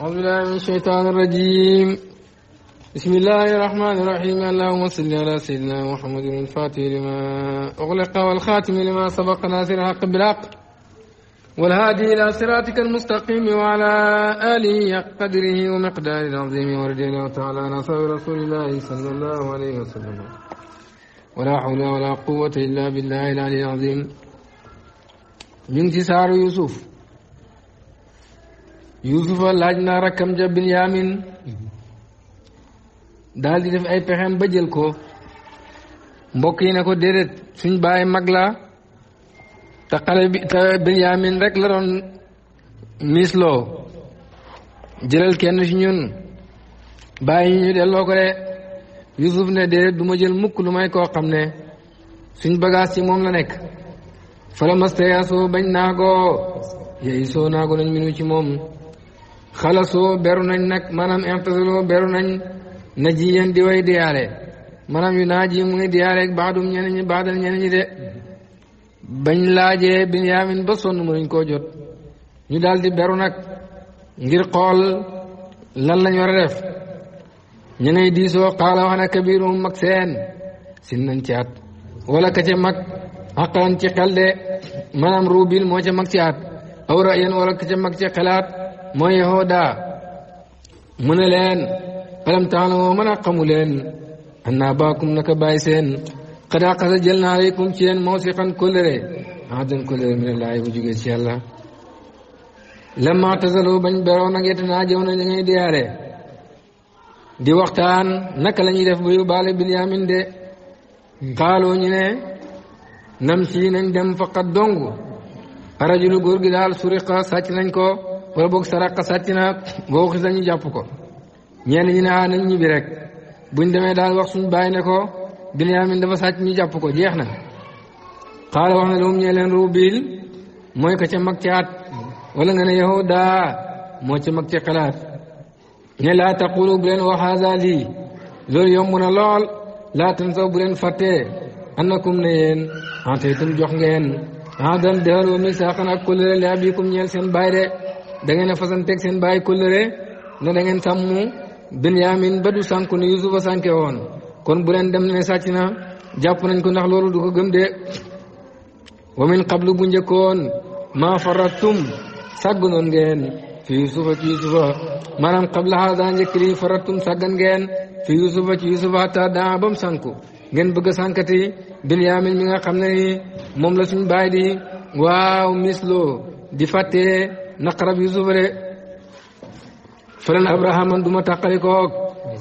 أعوذ بالله من الشيطان الرجيم بسم الله الرحمن الرحيم اللهم صل على سيدنا محمد الفاتح لما أغلق والخاتم لما سبق ناصر الحق بالحق والهادي إلى صراطك المستقيم وعلى آله قدره ومقدار العظيم ورضي الله تعالى عن أصحاب رسول الله صلى الله عليه وسلم ولا حول ولا قوة إلا بالله العلي العظيم من سار يوسف yuusufa laaj naa rakkam ja binyaamin daal di def ay pexem ba jël ko mbokk yi ne ko déedéet suñ bàyyi mag la te xale bi te binyaamin rek la doon miisloo jëlal kenn ci ñun bàyyi ñu delloo ko de yuusuf ne déedéet du ma jël mukk lu may koo xam ne suñ bagaas ci moom la nekk fala mastayaasoo bañ naagoo yey soo naago nañ minu ci moom xalasoo beru nañ nag maanaam intasaloo beru nañ na ji yéen di way diyaale maanaam yu naa ji mu ngi diyaaleeg baadum ñeneen ñi baadal ñeneen ñi de bañ laajee Binyaamin ba jot ñu daal di beru nag ngir xool lan lañ war def ñu ngay diisoo xaala wax na kabirum seen sin nañ ci at wala ka ca ci xel de maanaam ruubil moo ca ci at awra yéen wala ka ci xelaat mooy yahuda mu ne leen alam taalamoo mën a xamu leen annaa baakum naka bàyyi seen xadaa xasa jël naa aleykum ci yéen mawsiqan kóllëre ahdan kóllëre mi ne laay bu jógee ci yàlla lamma tasalu bañ beroo nag yete naa jëw na ñu ngay diyaare di waxtaan naka la ñuy def ba yóbbaale Bilyaamin de xaaloo ñu ne nam si nañ dem faqat dong arajulu góor gi daal suriqa sàcc nañ ko wala boog saraqa sàcc na boo xis ñu jàpp ko ñenn ñi na a ah, nañ ñibbi rek buñ demee daal wax suñu bàyyi ne ko Binyaamin dafa sàcc ñu jàpp ko jeex na xaala wax na lu mu ñee leen ruubil mooy ko ca mag ci at wala nga ne yow daa moo ca mag ci xalaat ne laa taqulu bu leen wax loolu yomb na lool laa soo bu leen fàttee annakum ne yéen ante ah, itam jox ngeen ah dan dëhër wa misaaxan ak kulëre li abikum ñeel seen baay de da ngeen a fasanteeg seen bàyyi kóllëre ne da ngeen sàmm Binyaamin ba du sànku ne Yusufa sànke woon kon bu leen dem ne sàcc na jàpp nañ ko ndax loolu du gëm de wa min qablu bu njëkkoon maa farattum sagg ngeen fi Yusufa ci njëkk lii farattum sàggan ngeen fi Yusufa ci Yusufa hatta daa ba mu sànku ngeen bëgg a sànkati Binyaamin mi nga xam ne ni moom la suñ bàyyi di waaw misloo di fàttee naqarab Yuusuf de falan abrahaman duma tàqalikoog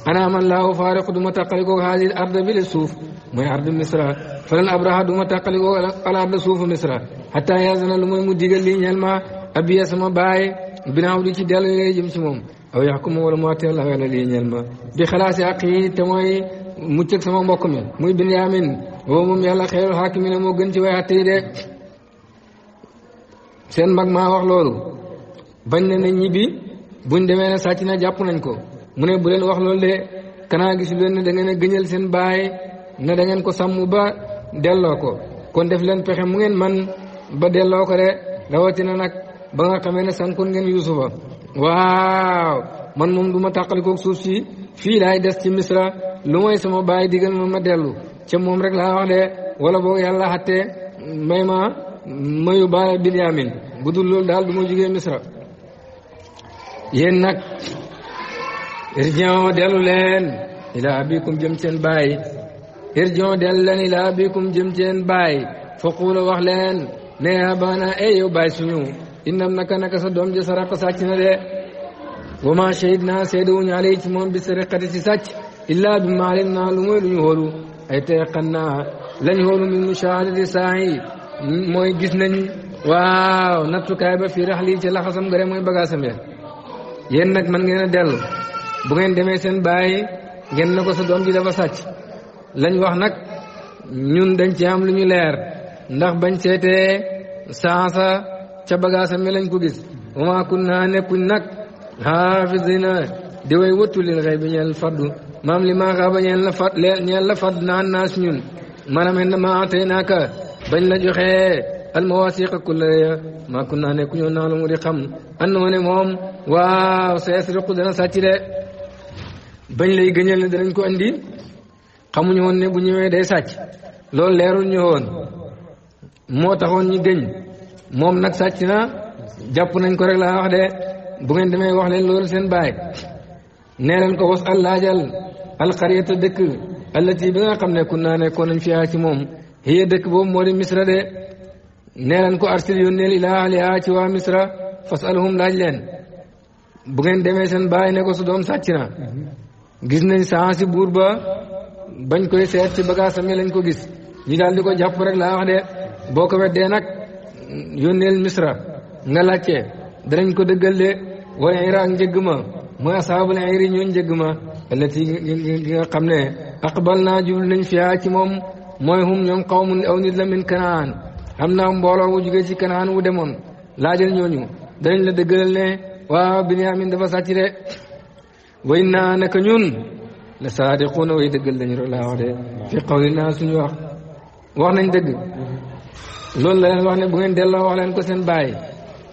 ana man laahu faariqu duma tàqalikoog haadil arda bi suuf mooy ardu misra falan abraha duma tàqalikoog al arda suufu misra hatta yaasana lu mooy mu digal lii ñeel ma abiya sama baay binaaw ci dellu yooyu jëm ci moom aw yaxkuma wala mu àttee la yàlla bi xalaasi ak yi te sama mbokk muy Binyaamin boobu moom yàlla xeerul xaakimi ne moo gën ci way àtte seen mag maa loolu bañ ne nañ ñibbi buñ demee ne sàcc na jàpp nañ ko mu ne bu leen wax loolu de kanaa gisu leen ne da ngeen a seen baay ne dangeen ko sàmm ba delloo ko kon def leen pexe mu ngeen man ba delloo ko de rawatina nag ba nga xamee ne sànkoon ngeen yusufa waaw man moom du ma tàqalikoog suuf si fii laay des ci misra lu mooy sama baay digal ma ma dellu ca moom rek laa wax de wala boog yàlla xatte may ma mayu baay binyamin bu dul loolu daal du ma jugee misra yéen nag irjion dellu leen ilaa abikum jëm seen baay irjion dellu ilaa abikum jëm seen baay faquula wax leen ne abaana e yow baay suñu innam naka naka sa doom ji saraqa na de wa ma shahid naa seede wuñu alay ci moom bi sariqati si illaa bi maalim naa lu lu ñu hóolu ay teeqan naa lañ min mushahadati saa mooy gis nañ waaw nattukaay ba fii raxli ci laxasam gare mooy bagaasam ya yéen nag man ngeen a dellu bu ngeen demee seen bàyyi ngeen na ko sa doom ji dafa sàcc lañ wax nag ñun dañ ci am lu ñu leer ndax bañ seetee saasa ca bagaasa mi lañ ko gis wama kun naa nekkuñ nag xaafisina di way wëttu lil xëy bi ñeel faddu maam li maa xaaba ñeel la fad ñeel fadd naan naas ñun maanaam en na ma atay naaka bañ la joxee almawasiqa kullaya maa kun naa nekku ñoo naa la mu di xam and ma ne moom waaw sayasriqu dana sàcc de bañ lay gëñal ne danañ ko indi xamuñu woon ne bu ñëwee day sàcc loolu leerul ñu woon moo taxoon ñu gëñ moom nag sàcc na jàpp nañ ko rek laa wax de bu ngeen demee wax leen loolu seen baay nee leen ko was al laajal alxariyata dëkk allati bi nga xam ne kun naa nekkoon nañ fiyaa ci moom hiya dëkk boobu moo di misra de nee nañ ko arsil yónneel ilaa ahlihaa ci waa misra fasalhum laaj leen bu ngeen demee seen bàyyi ne ko su doom sàcc na gis nañ saa buur ba bañ koy seet ci bagaasam yi lañ ko gis ñu daal di ko jàpp rek laa de boo ko weddee nag yónneel misra nga laajte danañ ko dëggal de wala iraak njëgg ma mooy asaabul ayri ñoo njëgg ma allati nga xam ne aqbal naa jublu nañ fiyaa ci moom mooy hum ñoom qawmun aw nit la min kanaan am na mbooloo mu jugee ci kanaan wu demoon laajal ñooñu danañ la dëggalal ne waaw Binyamin dafa sàcc de way naa naka ñun la saadiquuna way dëggal dañu rek laa wax de fi qawli naa suñu wax wax nañ dëgg loolu la leen wax ne bu ngeen delloo wax leen ko seen bàyyi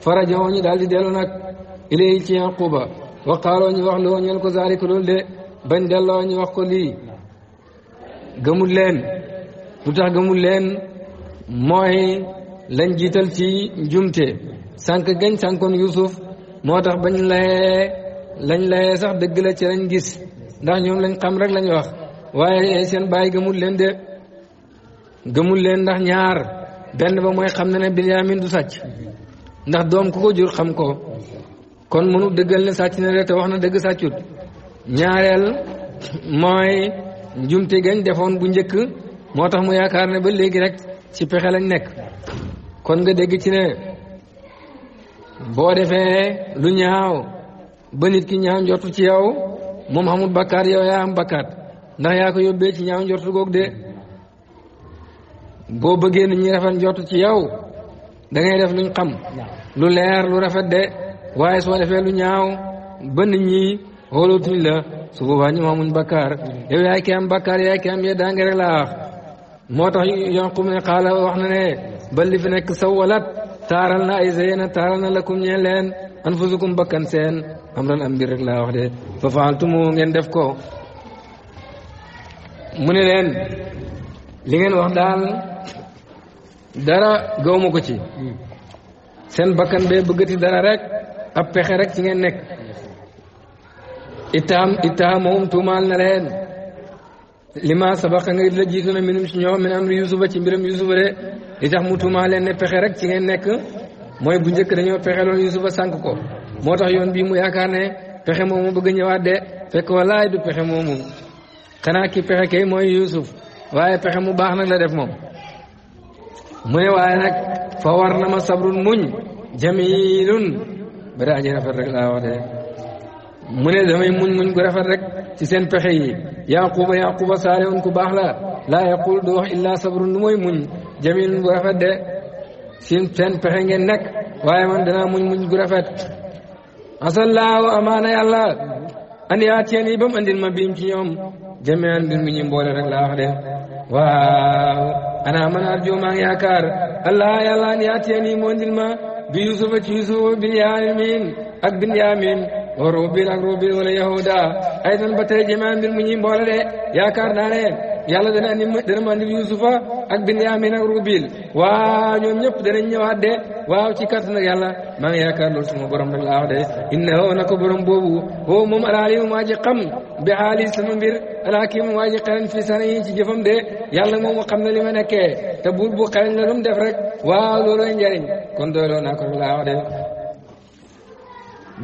farajoo ñu daal di delloo nag ilay ci Yaquba waqaaloo ñu wax loo ñeen ko zaalika loolu de bañ delloo ñu wax ko lii gëmul leen lu tax gëmul leen mooy lañ jiital ci njumte sànq gañ sànkoon Yuusuf moo tax bañ layee lañ layee sax dëgg la ci lañ gis ndax ñoom lañ xam rek lañ wax waaye seen bàyyi gëmul leen de gëmul leen ndax ñaar benn ba mooy xam na ne Binyaamin du sàcc ndax doom ku ko jur xam ko kon mënul dëggal ne sàcc na de te wax na dëgg sàccut ñaareel mooy njumte gañ defoon bu njëkk moo tax mu yaakaar ne ba léegi rek ci pexe lañ nekk kon nga dégg ci ne boo defee lu ñaaw ba nit ki ñaaw njortu ci yow moom xamul bakkaat yow yaa am bakkaat ndax yaa ko yóbbee ci ñaaw njortu goog de boo bëggee nit ñi rafet njortu ci yow dangay def luñ xam lu leer lu rafet de waaye soo defee lu ñaaw ba nit ñi xoolootuñ la su boobaa ñoom amuñ bakkaar yow yaay ki am bakkaar yaay ki am yeddaange rek laa wax moo tax yonqub ne xaala wax na ne ba li fi nekk sawalat taaral na ay zeyna taaral na lakum ñeen leen anfusukum bakkan seen amran am mbir rek laa wax de fa faaltumu ngeen def ko mu ne leen li ngeen wax daal dara gawma ko ci seen bakkan bee bëggati dara rek ab pexe rek ci ngeen nekk itam itamahum tuumaal na leen lima sabaqa ngir la jiitu na minum si ñoom min amri yusufa ci mbiram yusufa de li tax mu tuumaa leen pexe rek ci ngeen nekk mooy bu njëkk dañoo pexe loon yusufa sànq ko moo tax yoon bii mu na ne pexe moomu bëgg ñëwaat de fekk walaay du pexe moomu xanaa ki pexe kay mooy yusuf waaye pexe mu baax nag la def moom mu ne waaye nag fa war na ma sabrun muñ jamilun ba daa aji rek laa wax de mu ne damay muñ muñ gu rafet rek ci seen pexe yi yaquba yaquba saalihun ku baax la laa yaqul du wax illaa sabrun lu mooy muñ jamilun bu rafet de sin sen pexe ngeen nekk waaye man danaa muñ muñ gu rafet asallaahu amaana yàlla andi yaa teen yi ba mu andil ma biim ci ñoom jamian mbir mi ñu mboole rek laa wax de waaw ana man arjo maa allah yàlla andi yaa teen yi bi yusufa ci bin yaamin ak bin yaamin wa rabbil ak rabbil wala yahuda aydan ba tey jamaa mu ñuy mboole de yaakaar naa ne yàlla dana andi dana ma andil yusufa ak rubil waaw ñoom ñëpp danañ ñëwaat de waaw ci kàttan ak yàlla maa ngi yaakaar loolu suma borom nag laa wax de innahu na ko borom boobu woo moom alaalimu waa ji xam bi xaali sama mbir alaakimu waa ji xereñ fi sana yi ci jëfam de yàlla moom mu xam na li ma nekkee te buur bu xereñ la lu def rek waaw loolooy njëriñ kon doyloo naa ko laa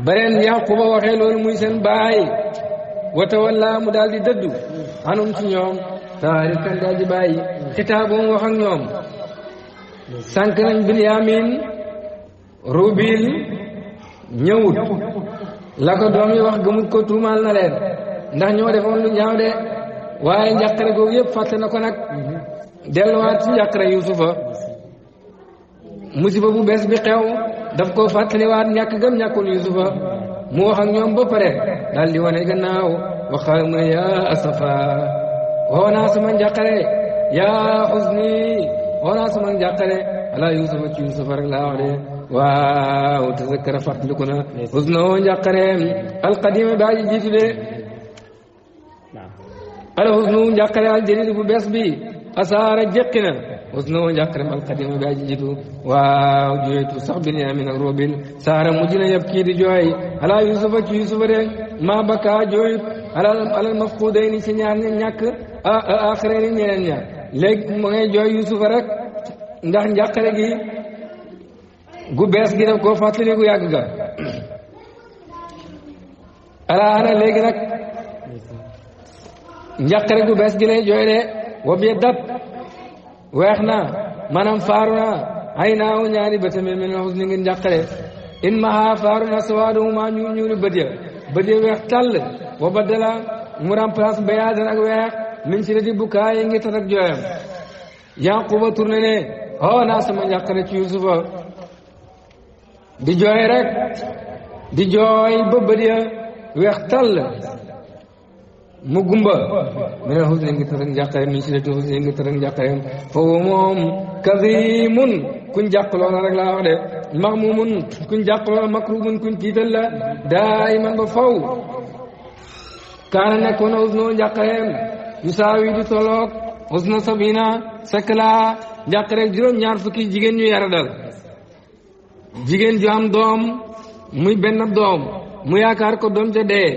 baren yaqouba waxe loolu muy seen baay wa tawallaa mu daal di dëddu anum ci ñoom taarikan daal di bàyyi xitaabum wax ak ñoom sànk nañ binyamin rubil ñëwut la ko doom yi wax gëmut ko tuumaal na leen ndax ñoo defoon lu ñaaw de waaye njàqare googu yëpp fàtte na ko nag delluwaat ci njàqare yuusufa musiba bu bees bi xew daf koo fàttaliwaat ñàkk gëm ñàkkul yusufa mu wax ñoom ba pare daal di yaa asafa woonaa sama njàqare yaa xusni woonaa sama njàqare ala yusufa ci yusufa rek laa wax de waaw tazakkara fàttaliku na xusna woo njàqareem alqadima baa ji jiitu de ala xusnu njàqare al jadid bu bees asaara jéqi usnoo njàqarem alqadima bi aji jitu waaw jooytu sax bin yaamin ak saara mujj na yab kii di yusufa de ma baka jooyut alal alal mafquday ni ci ñaar ña ñàkk axira ni ñeneen ña yusufa rek ndax njàqare gi gu bees gi daf koo fàttali gu yàgg ga ana léegi nag njàqare gu bees gi lay jooy de wa bi dat weex na maanaam faaru naa ay naaw ñaani bëtame min xus ni ngeen njàqare in maha faaru naa sawaaduhuma ñuul ñuuli bët ya weex tàll wa baddala mu remplace bayaadan ak weex min ci redi bu kaa yi ngi tat ak jooyam yanquba tourné ne oo oh, naa sama njàqare ci yusufa di jooy rek di jooy ba bët weex tàll mu gumba mene xusni ngi tatak njàqare min siddati xusni ngi tatak njàqare foofu moom kazimun kuñ jàqloona rek laa wax de maxmumun kuñ jàqloona makrumun kuñ tiital la daayiman ba faw kaana nekkoon na xusnoo njàqareem yusaawi du toloog xusna sabina sakla njàqareeg juróom ñaar fukki jigéen ñu yara dal jigéen ju am doom muy benn doom mu yaakaar ko doom ja dee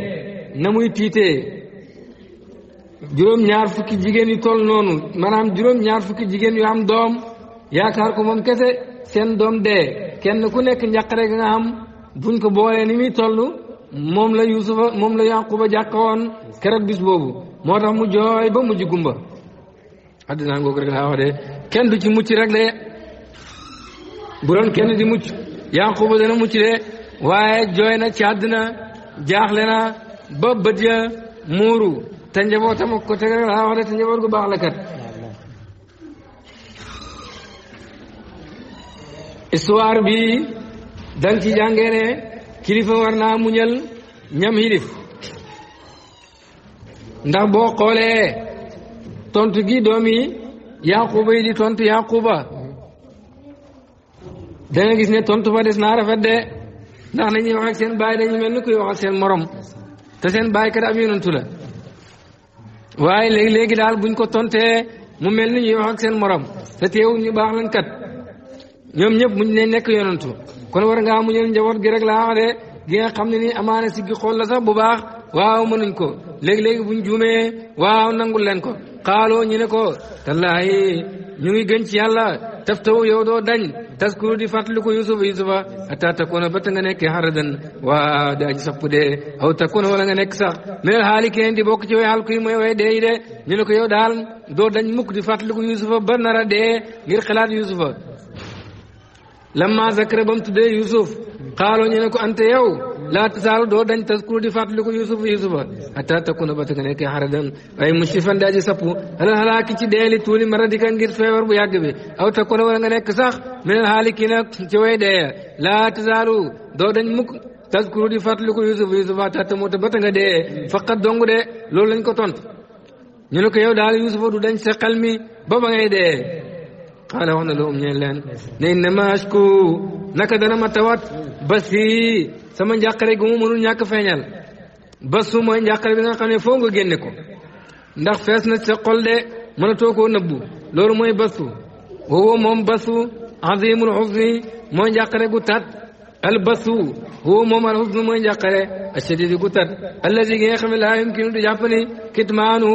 na muy tiitee juróom ñaar fukki jigéen yu toll noonu maanaam juróom ñaar fukki jigéen yu am doom yaakaar ko moom kese seen doom dee kenn ku nekk njaqare ga nga am buñ ko boolee ni muy toll moom la yusufa moom la yaquba jàqawoon keroog bis boobu moo tax mu jooy ba mujj gumba addinaa ngoog rek laa wax de kenn du ci mucc rek de bu kenn di mucc yaquba dana mucc de waaye jooy na ci àddina jaaxle na ba bët ya muuru te njabootam ak ko tegal laa wax de te njaboot gu baax la kat histoire bi da nga ci jàngee ne kilifa war naa muñal ñam xilif ndax boo xoolee tontu gi doom yi yaquba yi di tontu yaquba da gis ne tontu ba des naa rafet de ndax nañuy wax ak seen baay dañu mel ni kuy wax ak seen morom te seen baay kat ab la waaye léegi léegi daal bu ñu ko tontee mu mel ni ñuy wax ak seen morom te teewul ñu baax lañ kat ñoom ñëpp muñ ne nekk yonantu kon war nga mu muñal njaboot gi rek laa wax gi nga xam ne nii amaana si gi xool la sax bu baax waaw mënuñ ko léegi léegi buñ juumee waaw nangul leen ko. xaaloo ñu ne ko tallaahi ñu ngi gën ci yàlla taftawu yow doo dañ taskuru di fàttaliku yusufa yusufa hatta takuna ba nga nekk xaradan waa di aji sapp dee aw takuna wala nga nekk sax minel haalikeen di bokk ci way xaal kuy mooy way dee de ñu ne ko yow daal doo dañ mukk di fàttaliku yusufa ba nara dee ngir xalaat yusufa lamma zakara ba mu tuddee yusuf xaaloo ñu ne ko ante yow laa tasaaru doo dañ taskuru di fàttaliku yusufa yusufa hatta takuna ba tëgg nekk xaradan ay mushifan daa ji sapp alal halaaki ci deeli tuuli maradika ngir feebar bu yàgg bi aw takuna wala nga nekk sax minal haalikiina ci way dee laa tasaaru doo dañ mukk taskuru di fàttaliku yusufa yusufa hatta tamuta ba nga dee faqat dong de loolu lañ ko tont ñu ne ko yow daal yusufa du dañ sa xel ba ba ngay dee xaala wax na la um ñeen leen ne innama ashku naka dana ma tawat bas yi sama njàqare gu mu mënul ñàkk feeñal bas su mooy njàqare bi nga xam ne foo nga génne ko ndax fees na sa xol de mënatoo koo nëbbu loolu mooy basu woowo moom basu azimul xusni mooy njàqare gu tat al basu woowo moom al xusni mooy njàqare ashadidi gu tat allazi gi nga xam ne laa yumkinu du jàpp ni kitmaanu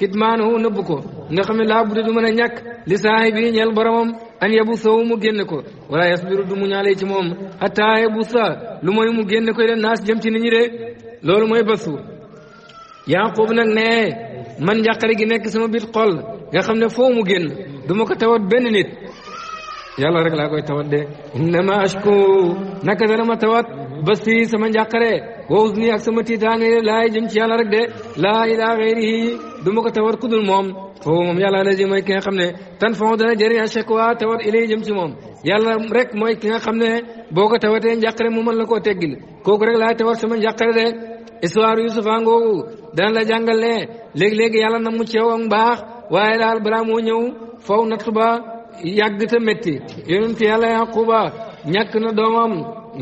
kitmaanahu nëbb ko nga xam ne laa budde du mën a ñàkk li saay bi ñeel boromam an yabu sow mu génne ko wala yasbiru du mu ñaale ci moom hatta yabu sa lu mooy mu génn ko leen naas jëm ci nit ñi de loolu mooy basu Yaaqub nag nee man njàqare gi nekk sama biir xol nga xam ne foo mu génn du ma ko tawat benn yàlla rek laa koy tawat de innama ashku naka dana ma tawat basi sama njàqare wa uzni ak sama tiitaange laay jëm ci rek de laa ilaa xayrihi du ko tawat ku dul moom foofu la ji mooy ki nga xam ne tan fon dana jëriñ a shakwa moom yàlla rek mooy ki nga xam ne boo ko tawatee njàqare mu mën la koo teggil kooku rek laay tawat sama njàqare de histoire Yusufa ngoogu dana la jàngal ne léegi-léegi yàlla na mu ceew ak waaye daal balaa moo ñëw faw nattu ba yàgg te métti yonent yàlla yaquba ñàkk na doomam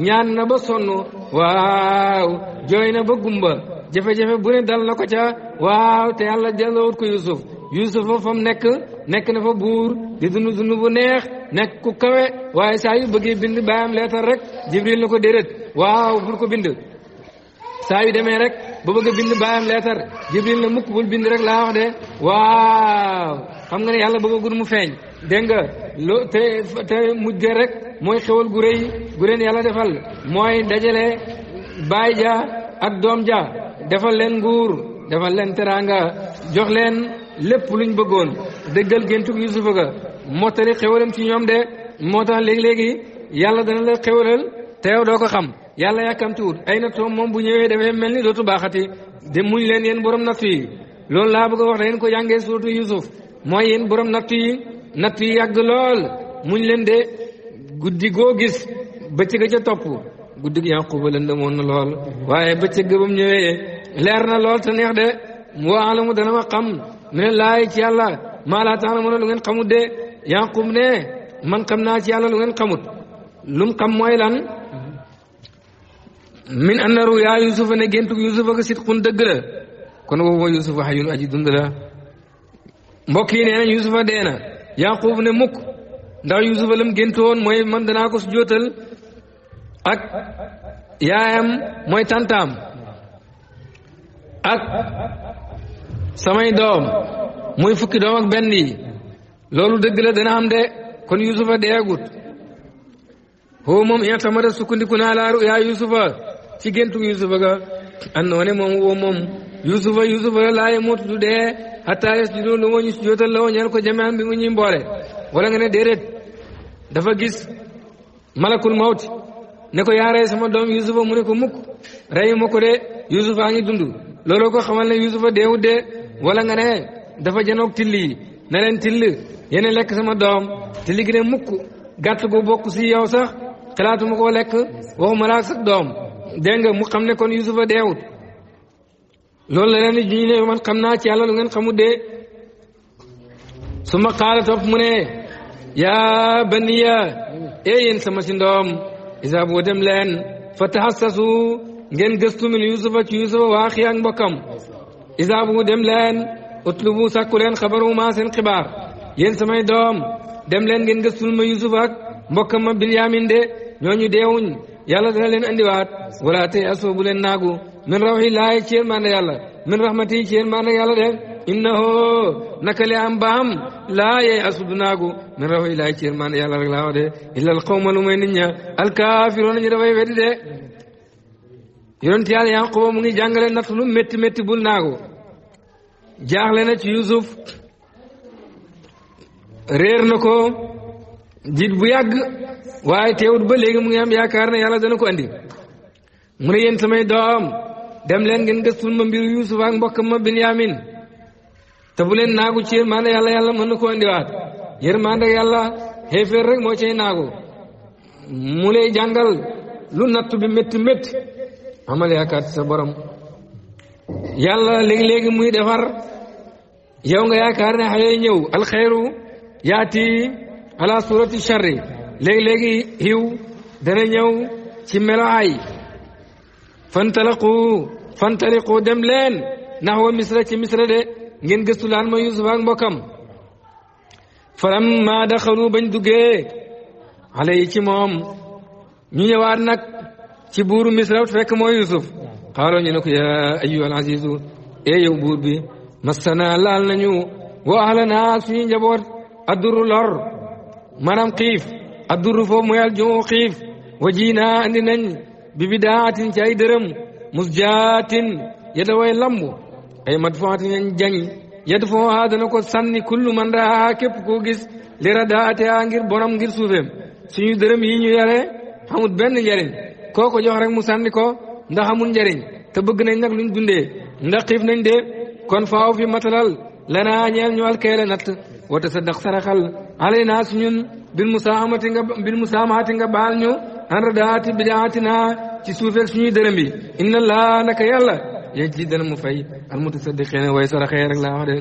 ñaan na ba sonn waaw jooy na ba gumba jafe-jafe bu ne dal na ko ca waaw te yàlla jëlawut ko yusuf yusuf fam nekk nekk na fa buur di dund dund bu neex nekk ku kawe waaye saa yu bëggee bind baayam leetar rek jibril na ko déedéet waaw bul ko bind saa yu demee rek ba bëgg bind baayam leetar jibril na mukk bul bind rek laa wax de waaw xam nga ne yàlla bëggagul mu feeñ dégg nga loo te te mujj rek mooy xewal gu rëy gu leen yàlla defal mooy dajale baay ja ak doom ja defal leen nguur defal leen teraanga jox leen lépp luñ bëggoon dëggal géntug Yusufa ga mottali xewalam ci ñoom de moo tax léegi-léegi yàlla dana la xewalal te yow doo ko xam yàlla yàkkamtuwut ay nattoom moom bu ñëwee dafay mel ni dootu baaxati de muñ leen yéen borom nattu yi loolu laa bëgg a wax da ko jàngee surtout Yusuf mooy yéen borom nattu yi natt yi yàgg lool muñ leen de guddi goo gis bëccëg ca topp guddi gi Yaquba lëndëmoon na lool waaye bëccëg ba mu ñëwee leer na lool te neex de mu alamu dana ma xam mu ne laay ci yàlla maa laa tax na lu ngeen xamut de Yaqub ne man xam naa ci yàlla lu ngeen xamut lu mu xam mooy lan min anna ruyaa Yuusufa ne géntug Yuusufa ko sidqun dëgg la kon boobu Yuusufa xayun aji dund la mbokk yi nee na Yuusufa na Yaaqub ne mukk ndax Yuusufa lam gént mooy man danaa ko su jootal ak yaayam mooy tantaam ak samay doom muy fukki doom ak loolu dëgg la dana am de kon Yuusufa deegut hoo moom itamada sukkandiku naa laaru yaa Yuusufa ci géntu Yuusufa ga andoone moom woo moom yusufa yusufa la laaye mootu du dee xataa yes judoo lu ñu sujootal la woo ñeel ko jamaan bi mu ñuy mboole wala nga ne déedéet dafa gis malakul mawti ne ko yaa rey sama doom yusufa mu ne ko mukk reyu ma ko de yusufa ngi dund looloo ko xamal ne yusufa deewut de wala nga ne dafa janoog till yi ne leen till yene lekk sama doom till gi ne mukk gàtt gu bokk si yow sax xalaatuma koo lekk waxuma laa sax doom dégg nga mu xam ne kon Yusufa deewut loolu la leen di ne man xam naa ci yàlla lu ngeen xamut dee su ma xaala topp mu ne yaa baniya ee yéen sama si ndoom isa boo dem leen fa taxassasu ngeen gëstu min Yusufa ci Yusufa waa xi mbokkam isa bu dem leen utlubu sàkku leen xabaru ma seen xibaar yéen samay doom dem leen ngeen gëstu ma Yusufa ak mbokkam ma Bilyaamin de ñooñu deewuñ yàlla dana leen andiwaat wala tey asoo bu leen naagu min rawxi laay ci yërmande yàlla min rahmati ci yërmande yàlla de innahu naka li am baam laa yey asu du naagu min rawxi laay ci yërmande yàlla rek laa wax de illa al qawma lu may nit ña alkaafiroon ñu dafay weddi de yonent yàlla yanquba mu ngi bul naagu jaaxle na ci yusuf réer na ko jiit bu yàgg waaye teewut ba léegi mu ngi am yakaar na yàlla dana ko andi mu ne yéen samay doom dem leen ngeen gëstul ma mbiru Yuusuf ak mbokkam ma Binyamin te bu leen naagu ci yërmande yàlla yàlla mën na ko andiwaat yërmande yàlla xéeféer rek moo cay naagu mu lay jàngal lu natt bi métti métti amal yaakaar sa borom yàlla léegi-léegi muy defar yow nga yaakaar ne xëy ñëw alxeyru yaati ala surati charri léegi-léegi xiw dana ñëw ci melaay fantaliqu dem leen naxwa misra ci misra de ngeen gëstu laan ma yusuf ak mbokkam falamma daxalu bañ duggee xale yi ci moom ñu ñëwaat nag ci buuru misra fekk mooy yusuf xaaloo ñu ne ko yaa ayyuhal e buur bi massana laal nañu wa ahlanaa suñu njaboot adduru lor maanaam xiif adduru foofu mooy aljumu xiif wa jiinaa andi nañ bi bidaatin ci ay dërëm musjaatin yada way lamb ay madfaatin yañ jañ yad foo haa dana ko sànni kullu man raa képp koo gis li radaate aa ngir bonam ngir suufeem suñu dërëm yi ñu yore xamut benn njariñ kooko jox rek mu sànni ko ndax amul njariñ te bëgg nañ nag luñ dundee ndax xiif nañ de kon faaw fi matalal lanaa ñeel ñu al alkeele natt wata sa dax saraxal alay naa si ñun bil musaamati nga bil musaamati nga baal ñu an radaati bidaatina ci suufeeg suñuy dërëm bi inna laa naka yàlla yeg ci dana mu fay al mutasaddiqiina way saraxee rek laa wax de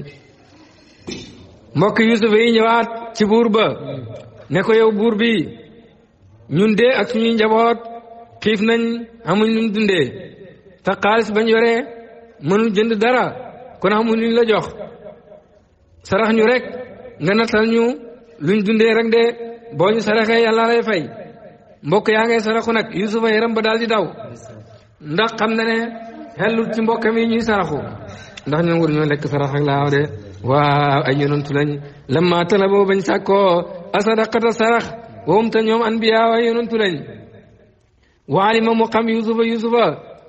mbokk Yuusuf yi ñëwaat ci buur ba ne ko yow buur bi ñun de ak suñuy njaboot xiif nañ amuñ luñ dundee te xaalis bañ yore mënul jënd dara kon amuñ luñ la jox sarax ñu rek nga nattal ñu luñ dundee rek de boo ñu saraxee yàlla lay fay mbokk yaa ngay saraxu nag yusufa yaram ba daal di daw ndax xam na ne ci mbokkam yi ñuy saraxu ndax ñoom war ñoo lekk sarax ak laaw de waaw ay yonantu lañ lamma talaboo bañ sàkkoo asadaqata sarax wowum te ñoom anbiyaaw ay yonantu lañ waalima mu xam yusufa yusufa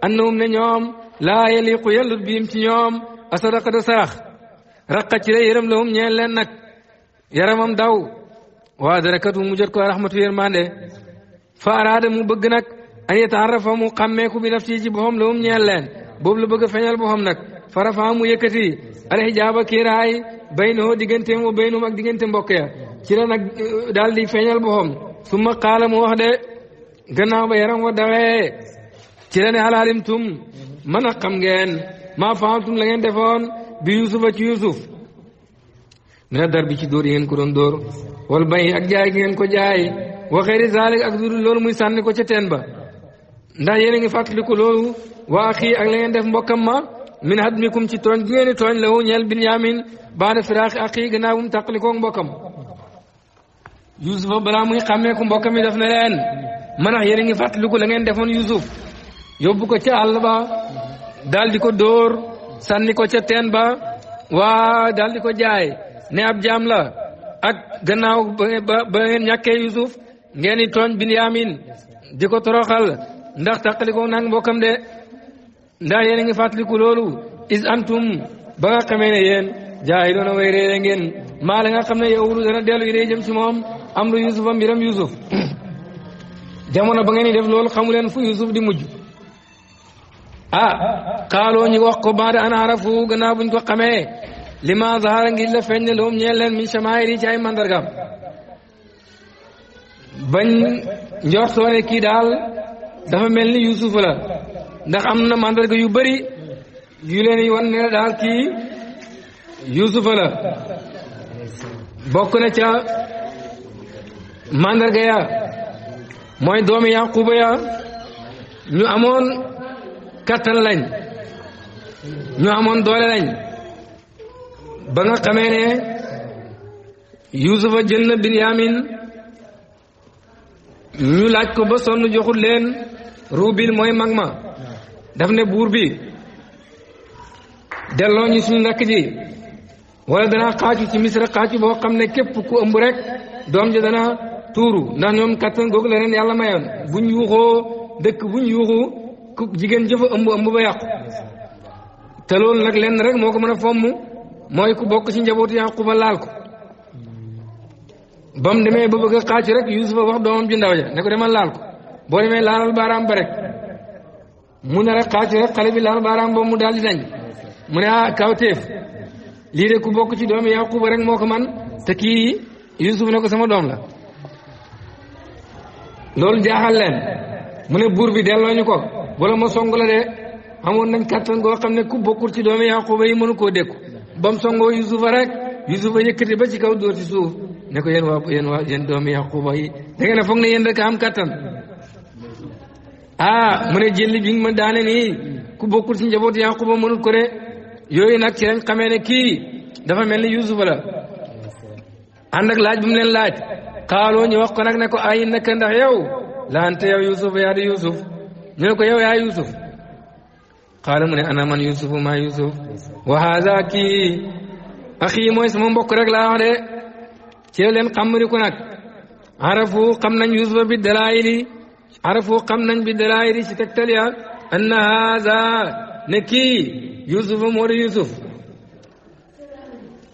annahum ne ñoom laa yaliqu yellut biim ci ñoom asadaqata sarax raqa ci la yëram lahum ñeen leen nag yaramam daw waa darakat mu jot ko rahmatu yërmande fa araada mu bëgg nag an yetaarrafa mu xàmmeeku bi nafti ci boppam la mu ñeel leen boobu la bëgg a feeñal boppam nag farafa mu yëkkati alxijaaba kiiraay baynoo digganteem wa baynoom ak diggante mbokk ya ci la nag euh, daal di feeñal boppam summa qaala mu wax de gannaaw ba yaram wa dawee ci la ne alaalimtum a xam ngeen maa faaltum la ngeen defoon bi yusufa ci yusuf mina dar bi ci dóor yi ngeen ko doon dóor wal bay ak jaay gi ngeen ko jaay wa xëyri ak dudul loolu muy sànni ko ca teen ba ndax yéen a ngi fàttaliku loolu waa axii ak la ngeen def mbokkam ma min hadmikum ci tooñ gi ngeen di tooñ lawu ñeel binyamin baada firaax axii gannaaw bu mu tàqalikoo mbokkam yusufa balaa muy xàmmee ko mbokkam yi def na leen man ax a ngi fàttaliku la ngeen defoon yusuf yóbbu ko ca àll ba daal di ko door sànni ko ca teen ba waa daal di ko jaay ne ab jaam la ak gannaaw ba ba ngeen ñàkkee Yusuf ngeen di tooñ Binyamin di ko toroxal ndax taqalikoo nang mbokkam de ndax yéen a ngi fàttaliku loolu is antum ba nga xamee ne yéen jaahiloona way réere ngeen maa la nga xam ne yowulu dana dellu yi jëm si moom am lu Yusuf a mbiram Yusuf jamono ba ngeen di def loolu xamu leen fu Yusuf di mujj a ah, xaaloo ñu wax ko baada an arafu gannaaw buñ ko xamee li ma zahara ngir la feeñ ne ñeel leen min chamaayir yi ci ay mandargaam bañ njortoo kii daal dafa mel ni Yuusuf ndax am na màndarga yu bari yu leen yi wan ne la daal kii Yuusuf la bokk na ca mandarga ya mooy doomi Yaquba ya ñu amoon kattan lañ ñu amoon doole lañ ba nga xamee ne yusufa jël na binyamin ñu laaj ko ba sonn joxul leen rubil mooy mag ma daf ne buur bi delloo ñu suñu nakk ji wala dana xaacu ci misra xaacu boo xam ne képp ku ëmb rek doom ji dana tuuru ndax ñoom kattan googu la leen yàlla mayoon buñ yuuxoo dëkk buñ yuuxu ku jigéen jëfa ëmb ëmb ba yàqu te nag lenn rek moo ko mën a fomm mooy ku bokk ci njabootu Yaquba laal ko ba demee ba bëgg a xaacu rek Yuusufa wax doomam ju ndaw ja ne ko demal laal ko boo demee laalal baaraam ba rek mu ne rek xaacu rek xale bi laal baaraam boobu mu daal di mu ne a ah, kawteef lii de ku bokk ci doomi Yaquba rek moo ko man te kii Yuusuf ne ko sama doom la loolu jaaxal leen mu ne buur bi delloo ñu ko wala ma song la de amoon nañ kàttan goo xam ne ku bokkul ci doom doomi Yaquba yi mënu koo dékku ba mu songoo Yusufa rek Yusufa yëkkati ba ci kaw dóor suuf ne ko yéen waa yéen waa yéen doomi Yaquba yi da ngeen a foog ne rek am kattan ah mu ne jëlli bi ma daane nii ku bokkul ci njaboot Yaquba mënut ko de yooyu nag ci lañ xamee kii dafa mel ni Yusufa la ànd ak laaj bu mu leen laaj xaaloo ñu wax ko nag ne ko ay naka ndax yow laante yow Yusuf yaa di Yusuf ne ko yow yaa Yusuf qaala mu ne ana man yusufu maa yusuf wa haada kii axi mooy sama mbokk rek laa wax de ci leen xammariku nag arafu xam nañ yusufa bi dalaayili arafu xam nañ bi dalaayili ci tegtal ya anna haada ne kii yusufa moo di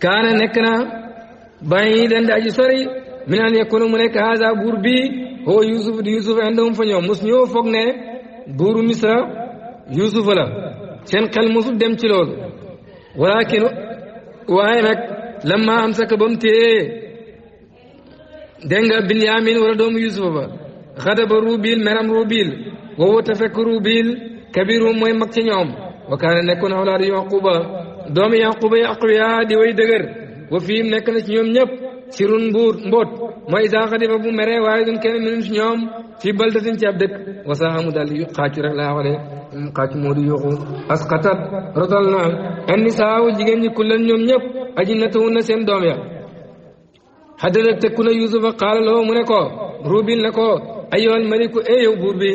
kaana nekk na bàyyi sori min an yakunu mu nekk haada buur bi hoo yusuf di yusuf indahum fa ñoom mos ñoo foog ne buuru misra yuusufa la seen xel musul dem ci loolu walakin waaye nag lamma am saka ba mu téye dégg nga binyamin wala doomu yusufa ba xadaba rubil meram rubil woowu te fekk rubil kabirum mooy mag ci ñoom wa kaana nekkoon awlaadu yaquba doomu yaquba yi aqwiya di way dëgër wa fiim nekk na ci ñoom ñëpp sirun mbuur mboot mooy isaa xadifa bu meree waaye duñ kenn minum si ñoom fii baldatin ci ab dëkk wasaa mu daal di xaacu rek laa xoolee xaacu moo di yooxu asqatat rotal na an nisaawu jigéen ñi kullan ñoom ñëpp aji natawu na seen doom ya xaddada tëkku na yusufa qaala loo mu ne ko rubil ne ko ayyuhal maliku e yow buur bi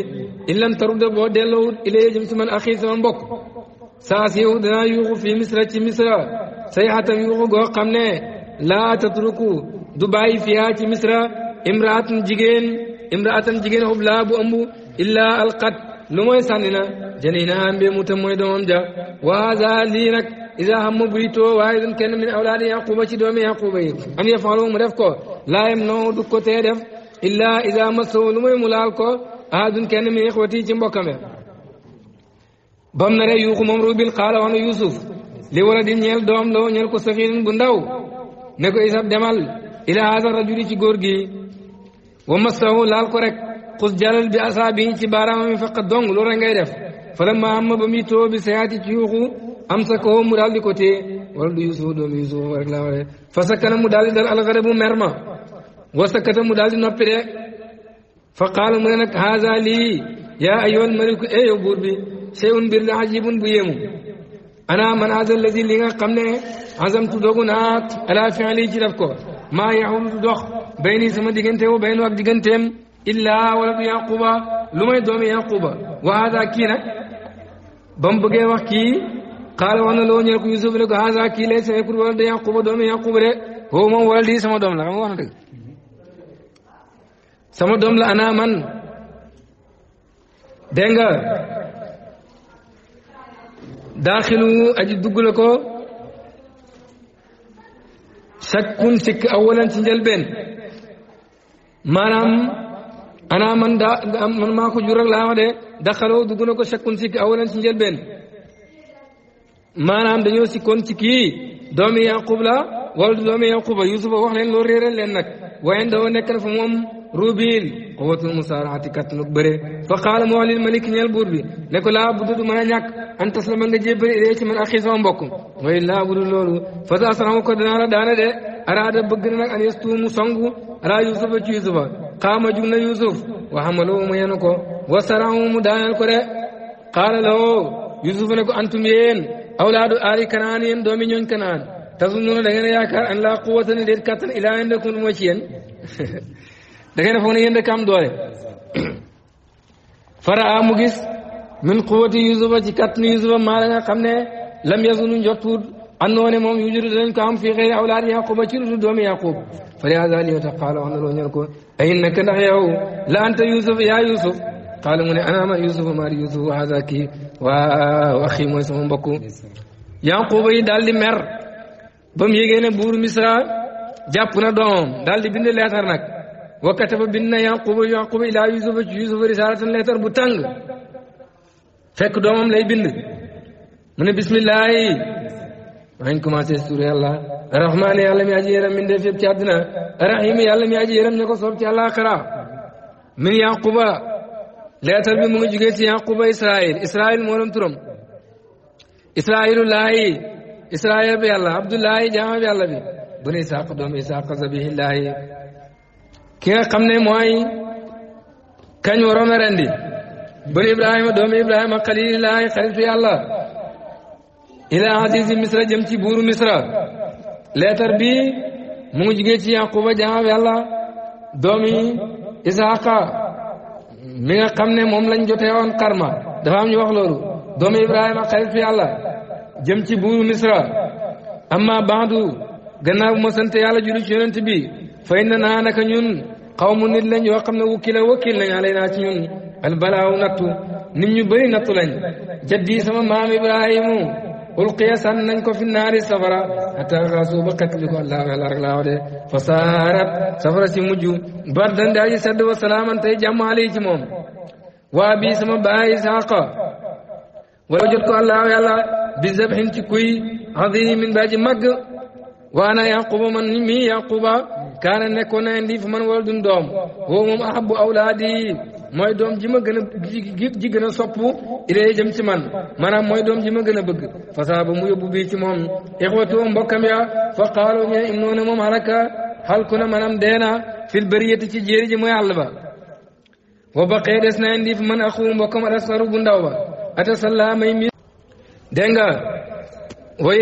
illan tarudda boo delloowut ilay jëm si man axii sama mbokk saa si yow danaa yuuxu fii misra ci misra sayxatan yuuxu goo xam ne laa tatruku دبي fi haa ci Misra imraatan jigéen imraatan jigéen hublaa bu ëmb illaa alqat lu mooy sànni na janiinahaa mbéemutam mooy doomam إذا هم بريتو واحد كان من أولاد يعقوب شي دومي يعقوب أن يفعلوا مرفكو لا يمنعوا دكو تيرف إلا إذا مسوا لمي ملالكو هذا كان من إخوتي جنبوكم بمنا يوخ ممرو بالقال وانو يوسف لولد نيل دوم لو نيل كو سفين بنداو نكو إساب دمال ila hada rajuli ci góor gi wa masahu laal ko rek xus jalal bi asaabi ci baaraama mi faqa dong loolu rek ngay def fala ma amma ba muy too bi sayaati ci yuuxu am sa mu daal di ko téye wala du yusufu mu daal di dal alxare bu mer ma wa sakkata mu daal noppi de fa qaala mu ne nag lii yaa ayyuhal maliku e yow buur bi shay'un ajibun bu yéemu man haza alladi li nga xam ne azamtu ci def ko maa yaxum du dox bayni sama diggante wa baynu ak digganteem illaa waladu yaquba lu may doomi yaquba wa hada kii nag wax kii xaala wax na loo ñeel ko yusuf ne ko hada kii lay sa yakut waladu yaquba doomi yaquba de wow moom waladi sama sama doom la ana man dégg nga daaxilu aji ko sakkun sikk awalan ci njëlbeen maanaam ana man daa man maa ko jur rek laa wax de daxaloo dugg na ko sakkun sikk awalan ci njëlbeen maanaam dañoo sikkoon ci kii doomi yaqub la wala doomi yaquba yusufa wax leen loolu réeral leen nag waaye doo nekk na fa moom ruubiin quwatul musaaraati kattanug bëre fa qaala mu wax lil malik ñeel buur bi ne ko laa buddu du mën a ñàkk an taslama nga jébbali ilayhi ci man ak xii sama mbokk loolu fa sa asrama ko danaa la daana de araada bëgg na nag an yestuumu songu alaa yusufa ci yusufa qaama jug na yusuf wa xamaloo mu yenu ko wa saramu mu daaneel ko de qaala lawoo yusuf ne ko antum yéen awlaadu aali kanaan yéen doomi ñooñ kanaan tasu nuna da ngeen an laa quwata ne da ngay defoon ne yéen rek am doole faraa mu min quwati yusufa ci kattanu yusufa maa nga xam ne lam yasunu njottuut annoo ne moom yujudu dañ ko am fii xëyri awlaad yaquba ci ludu doomi yaqub fa lihaza la anta yusuf yaa mu ne ana man yusuf maa di yusuf wa hada kii waa axi mooy sama yaquba yi daal mer ba mu yégee buur misra jàpp na doomam daal di bind leetar wa kataba bind na yaquba yaquba ilaa yusufa ci yusufa risalatan leetar bu tàng fekk doomam lay bind mu ne bismillahi maa ngi commencé suur yàlla rahmaan yàlla mi aji yéram min def yëpp ci àddina rahim yàlla mi aji yéram ña ko soob ci àllaaxira min yaquba leetar bi mu ngi jógee ci yaquba israil israil moo doon turam israilullahi israil bi yàlla abdullahi jaama bi yàlla bi bu ne isaaq doomu isaaq zabihillahi अमा बाधू गना न xaw mu nit lañ yoo xam ne wukki la wakkil lañ alay naa ci ñun albalaaw nattu nit ñu bëri nattu lañ jaddi sama maam ibrahimu ulqiya sànn nañ ko fi naari safara hatta xaasu ba xett bi ko allah yàlla rek laa wax de fa saarat safara si mujj bardan daaji sedd wa salaaman tey jàmm alay waa bii sama baay isaaqa wala jot ko allah yàlla bi zabhin ci kuy azimin baa ji màgg waana yaquba man mii yaquba kaana nekkoon na indi fu man wala dun doom woo moom ahabu awlaadi mooy doom ji ma gën a ji a sopp ilay jëm ci man maanaam mooy doom ji ma gën a bëgg fasaaba mu yóbbu bii ci moom ixwatu mbokkam ya fa qaalu ñe im noonu moom halaka halku na maanaam deena fil bariyati ci jéeri ji mooy àll ba wa baqee des na indi fu man axu mbokkam atasaru bu ndaw ba atasalla may mi dégg nga way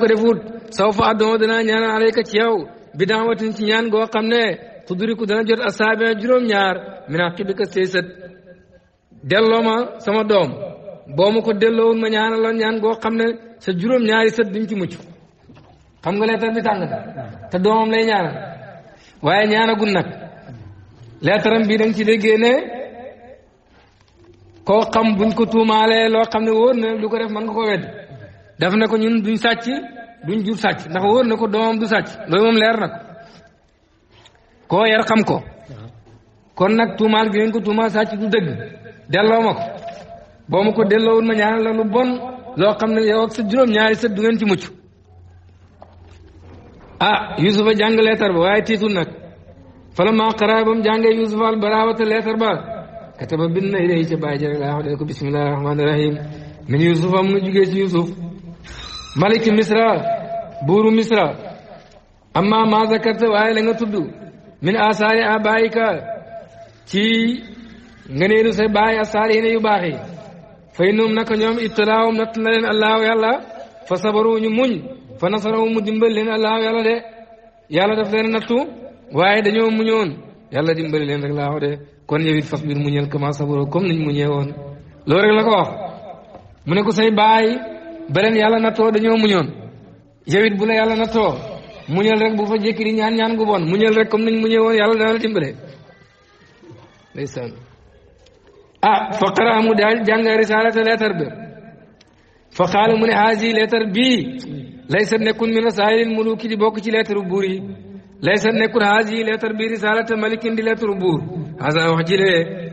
ko defut saw fa adduma danaa ñaana alayka ci yow bi daawatin ci ñaan goo xam ne tudriku dana jot asaabi juróom-ñaar min aqibika say delloo ma sama doom boo mu ko delloowul ma ñaanaloon ñaan goo xam ne sa juróom-ñaari sët duñ ci mucc xam nga leetar bi tàng na te doomam lay ñaanal waaye ñaanagul nag leetaram bii dañ ci déggee ne koo xam buñ ko tuumaalee loo xam ne wóor na lu ko def mën ko wedd daf ne ko ñun duñ sàcc duñ jur sàcc ndax wóor na ko doom du sàcc loolu moom leer na ko koo yar xam ko kon nag tuumaal gi nañ ko tuumaal sàcc du dëgg delloo ma ko boo ma ko delloowul ma ñaanal la lu bon loo xam ne yow ak sa juróom-ñaari sët du ngeen ci mucc ah yusufa jàng leetar ba waaye tiitul nag fala maa qaraa ba mu jàngee yusufa al baraawata leetar ba kataba bind na ilayhi ca bàyyi jërek laa wax ko bismillahi rahmaani rahim min yusufa mu jugee ci yusuf malik misra buuru misra amma ma zakarta waye lenga tudd min asari abaika ci ngeneenu sa baay asaarihina yu baaxi fa innahum naka ñoom ibtalaahum natt na leen allahu yàlla fa sabaru ñu muñ fa nasarahum mu dimbali leen allahu yàlla de yàlla daf leen nattu waaye dañoo muñoon yàlla dimbali leen rek laaxu de kon yow it fas biir muñeel comment sabaru comme niñ muñee woon loolu rek la ko wax mu ne ko say baay ba leen yàlla nattoo dañoo muñoon yow it bu la yàlla nattoo muñal rek bu fa jékki di ñaan ñaan gu bon muñal rek comme niñ muñee woon yàlla dana la dimbale ndeysaan ah fa qara mu daal jàng risalata leetar bi fa xaala mu ne haasi leetar bii laysa nekkun min rasailil muluki di bokk ci leetaru buur yi laysa nekkun haasi leetar bii risalata malikin di leetaru haasa wax ji le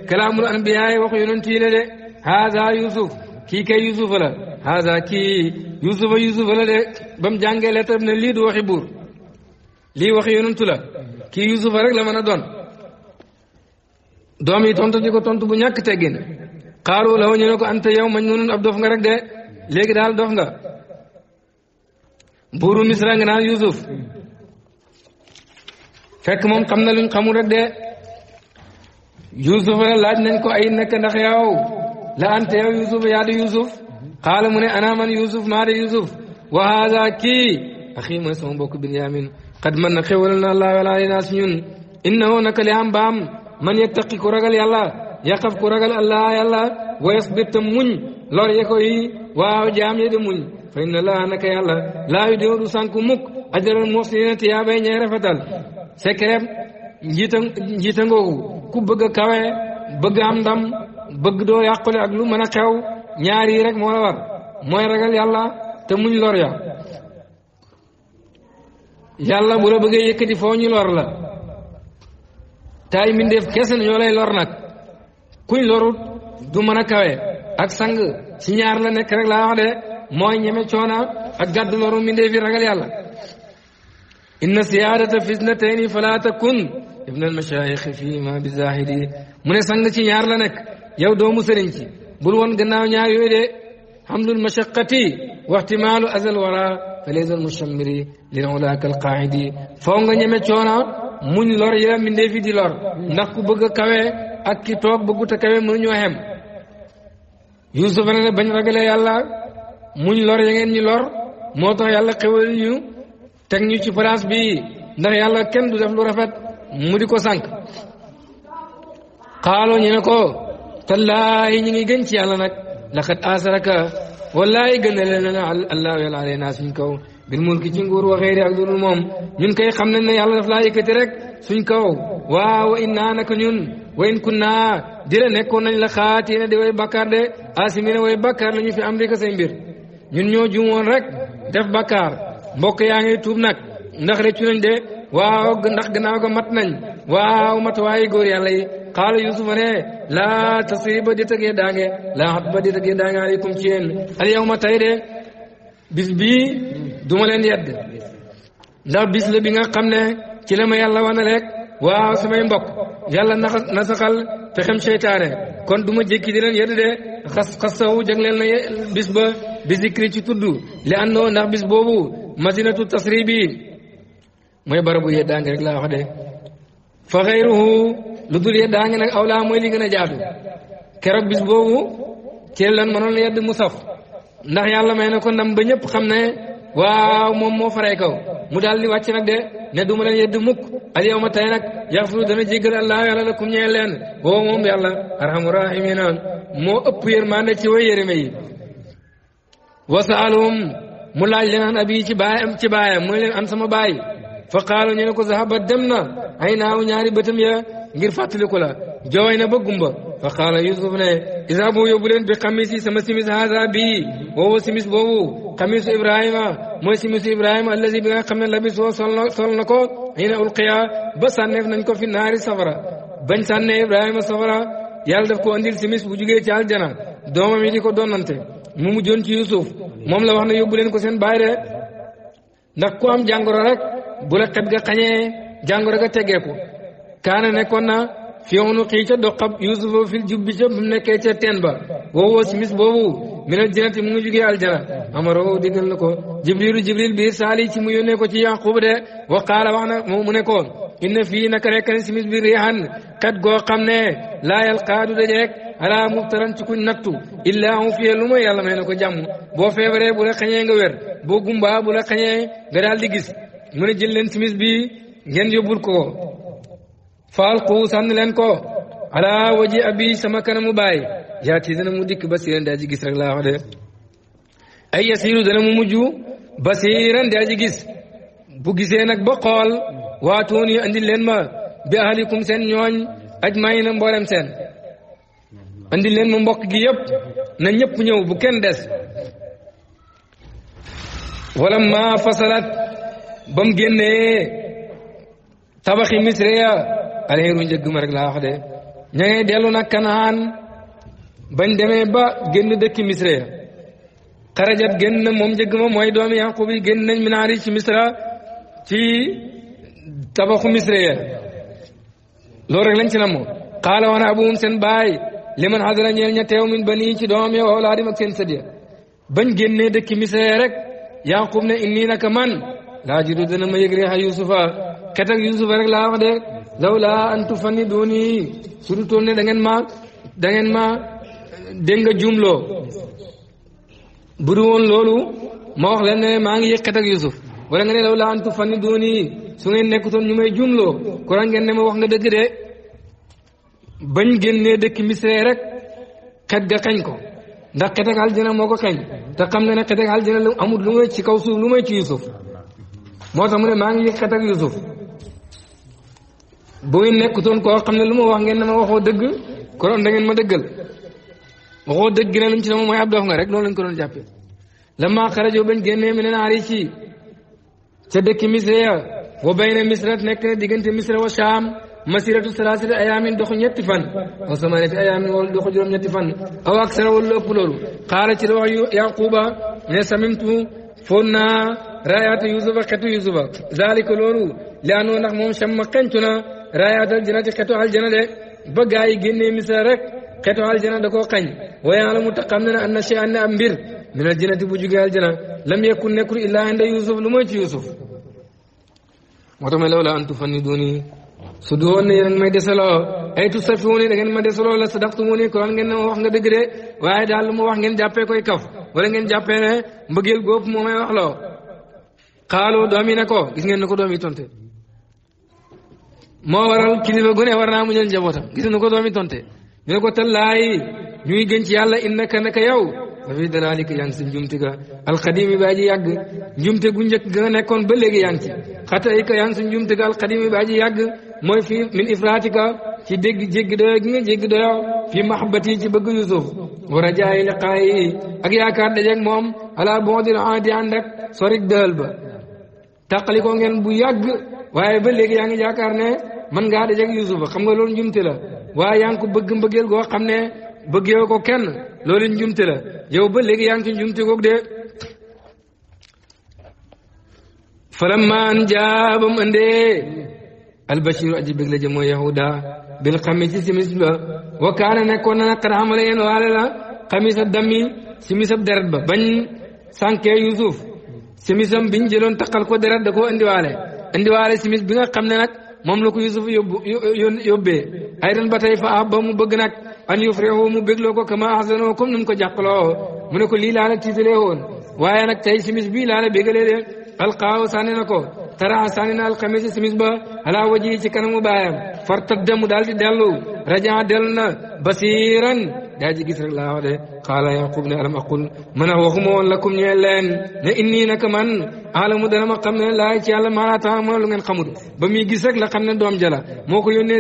kalaamul anbiyaa waxu yonent yi ne de haasa yusuf kii kay yusuf la haada ki yusufa yusufa la de ba mu jàngee lettre bi ne lii du waxi buur lii waxi yonantu la kii yusufa rek la mën a doon doom yi tontu di ko tontu bu ñàkk teggin xaaru la ñu ne ko ante yow mañ noonu ab dof nga rek de léegi daal dof nga buuru misra nga naan yusuf fekk moom xam na luñ xamu rek de yusuf la laaj nañ ko ay nekk ndax yow la ante yow yusuf yaa yusuf قال من أنا من يوسف مال يوسف وهذا كي أخي ما اسمه بوك بنيامين قد من خولنا الله ولا ناس إنه نكلهم بام من يتقي كرغل الله يقف كرغل الله يا الله ويصبر من لور يكوي واو جام يد فإن الله نك الله لا يدور سانكو مك أجر المحسنين تيابين يرفتل سكرم jiitan jiitangoogu ku bëgg a kawe bëgg am ndam bëgg doo yàqule ñaar yi rek moo la war mooy ragal yàlla te muñ lor ya yàlla bu la bëggee yëkkati foo ñu lor la taay mbindeef kese na ñoo lay lor nag kuñ lorut du mën a kawe ak sang ci ñaar la nekk rek laa wax de mooy ñeme coona ak gàddu loru mbindeef ragal yàlla inna siyaadata fitnatayni fala takun ibn al mashayikh fi ma bi zahidi mu ne sang ci ñaar la nekk yow doomu sëriñ bul woon gannaaw ñaar yooyu de hamdul mashaqqati wa ihtimalu azal wara fa laysal musammiri li ulaaka al qaidi foo nga ñeme coono muñ lor yi la mindee fi di lor ndax ku bëgg a kawe ak ki toog bëggut a kawe mënuñoo xem Yuusuf ne ne bañ ragalee yàlla muñ lor ya ngeen ñu lor moo tax yàlla xewal ñu teg ñu ci place bi ndax yàlla kenn du def lu rafet mu di ko sànq xaalo ñu ne ko تالله ينجي جنتي على نك لقد آسرك والله جن لنا الله يلا علينا سنكو بالملك تنقر وغير عبد المم ين كي خمنا يلا فلا يكترك سنكو وا وإنا نكون وإن كنا دير نكون لخاتين دوي بكر ده آسمين وي بكر لني في أمريكا سنبير ين يو جون رك def bakar mbokk yaa ngi tuub nag ndax rëccu nañ de waaw ndax gannaaw ko mat nañ waaw matuwaayi góor yàlla yi xaala yusufa ne laa tasiba di tëgee daange laa xat ba di tëgee daange aleykum ci yéen al yow ma tay de bis bii duma leen yedd ndax bis la bi nga xam ne ci la ma yàlla wana rek waaw samay mbokk yàlla naxa nasaxal pexem seytaane kon du ma jékki di leen yedd de xas xas sawu jagleel bis ba bi zikri ci tudd li ndax bis boobu masinatu tasri bi mooy barabu yeddaange rek laa wax fa xayruhu lu dul yedd aña nag mooy li gën a jaadu keroog bis boobu ci lan mënoon la yedd mu saf ndax yàlla may na ko ndam ba ñëpp xam ne waaw moom moo faree kaw mu dal di wàcc nag de ne du ma leen yedd mukk al yow ma tey nag yaxfiru dana jéggal allah la kum ñeel leen boobu moom yàlla arhamu moo ëpp yërmande ci way yërëme yi wasaalum mu laaj leen an abi ci baayam mooy leen an sama baay fa qaalu ñu ko zahaba dem na ay naaw ñaari bëtam ngir fàttaliku la jooy na ba gumba fa xaala yusuf ne isa boo yóbbu leen bi xamis yi sama simis haasa bii woowu simis boobu xamisu ibrahima mooy simisu ibrahima allazi bi nga xam ne labi soo sol sol na ko xiina ulqiya ba sànneef nañ ko fi naari safara bañ sànne ibrahima safara yàlla daf ko andil simis bu jugee ci aljana doomam yi di ko donnante mu mujjoon ci yusuf moom la wax ne yóbbu leen ko seen baay de ndax ku am jàngoro rek bu la xet ga xañee jàngoro ga kaana nekkoon na fionu xii ca doqab yusufa fil jubbi ca mu nekkee ba woowoo si mis boobu minal jannati mu ngi jugee aljana amaro diggal na ko jibrilu jibril bi saali ci mu yónnee ko ci yaqub de wa qaala wax na mu ne ko inna fii naka rekk ne simis bi rihan kat goo xam ne laa yalqaadu dajeek ala muftaran ci kuñ nattu illaa hu fiye lu mooy yàlla may na ko jàmm boo feebaree bu la xañee nga wér boo gumbaa bu la xañee nga daal di gis mu jël leen simis bi ngeen yóbbul ko faal ku sànni leen ko ala waji abi sama kanamu baay yaati dana mu dikk basiran daa ji gis rek laa wax de ay yasiru dana mu mujj basiran daa ji gis bu gisee nag ba xool waatoon yi andil leen ma bi ahalikum seen ñooñ aj may na mboolem seen andil leen ma mbokk gi yëpp na ñëpp ñëw bu kenn des wala ma fasalat ba mu génnee tabaxi misriya alxeeru njëgg ma rek laa wax de ña ngay dellu nag kanaan bañ demee ba génn dëkki misra ya xarajat génn na moom njëgg ma mooy doom yaqub yi génn nañ minaar yi ci misra ci tabaxu misra ya loolu rek lañ ci namoo xaala wana abuhum seen baay liman xadara ñeel ña teew min ba nii ci doomam yow awlaadim ak seen sët ya bañ génnee dëkki misra ya rek yaqub ne inni naka man laa jidu dana ma yëg yusufa ket yusufa rek laa wax lawla an tufanniduni su du toon ne da ngeen ma dangeen ngeen ma dégg nga juumloo bu du woon loolu ma wax leen maa ngi yëkkat ak Yusuf wala nga ne lawla an tufanniduni su ngeen nekkutoon ñu may juumloo kon geen ne ma wax nga dëgg de bañ génnee dëkk Misra rek xet ga xañ ko ndax xet ak aljana moo ko xañ te xam nga ne xet ak aljana amul lu may ci kaw suuf lu may ci Yusuf moo tax mu ne maa ngi yëkkat ak Yusuf bu ngeen nekkutoon koo xam ne lu ma wax ngeen ne ma waxoo dëgg konoon da ngeen ma dëggal waxoo dëgg gi ne luñ ci dama mooy ab dof nga rek noonu lañ ko doon jàppee lamma xarajoo bañ génnee mi ne naar yi ci ca dëkk misra ya wa bayna misra nekk na diggante misra wa shaam masiratu salaasati ayaamin doxu ñetti fan wa samanati ayaamin wala doxu juróom ñetti fan aw aksara wala ëpp loolu xaala ci la wax yaquba ne samimtu foon naa rayaatu yusufa xetu yusufa zalika loolu li anoo ndax moom chamma xencu na rayat aljana ti xeto aljana de ba gaa yi génne misal rek xeto aljana da koo xañ wayaalamu ta xam nana anna chey anne am mbir min aljanati bu jugee aljana lam yekkun nekkul illa inda yusuf lu moy ci yusuf moo tax ma lawla an tufannidouni su du woon ne yéen a ngi may desaloo ay tu safiwuni da ngeen ma desaloo la sadaqtumu ni kon ngeen ne ma wax nga dëgg de waaye daal lu ma wax ngeen jàppee koy kaf wala ngeen jàppee ne mbëggeel góob moo may wax loo qaaloo doom yi ne ko gis ngeen ne ko doom yi tonte moo waral kilifa gu ne naa muñal njabootam gis na ko doomi tonte ñu ne ko tallaay ñuy gën ci yàlla innaka naka yow la fi dalaalika yaa ngi si njumti ga alxadimi baa ji yàgg njumte gu njëkk ga nekkoon ba léegi yaa ngi ci xatayika yaa ngi si njumti ga yàgg mooy fii min ifraatika ci dégg jéggi doyo gi nga jéggi doyo fii mahabbati ci bëgg yusuf wa rajaayi liqaayi ak yaakaar dajeeg moom ala bon di la ànd ak sorik dëhël ba tàqali bu yàgg waaye ba léegi yaa ngi yaakaar ne mën ngaa dajeg yusufa xam nga loolu njumte la waaye yaa ko bëgg mbëggeel goo xam ne bëggeew ko kenn loolu njumte la yow ba léegi yaa ngi ci njumte goog de falamman jaabam andee albashiru aji bég la jë mooy yahuda bil xamis si simis ba wa kaana nekkoon na nag xan xamala yéen waale la xamisa dammi simisab deret ba bañ sànkee yusuf simisam biñ jëloon taqal ko deret da koo indiwaale indiwaale simis bi nga xam ne nag moom la ko Yusuf yóbbu yóbbee ay den ba tey fa ah ba mu bëgg nag an yufrihu mu bégloo ko kama ahsanoo comme nu ko jàppaloo mu ne ko lii laa la tiitalee woon waaye nag tey simis bii laa la bégalee de alqaaw sànni na ko tara sànni na alxamis simis ba ala waji ci kanamu baayam fartadda mu daal di dellu raja dellu na basiran daa ji gis rek laa wax de xaala yaqub ne alam aqul mën a waxuma lakum ñee leen ne inni naka man alamu dana ma xam ne laay ci yàlla maanaam tax ma lu ngeen xamul ba muy gis rek la xam ne doom jala moo ko yónnee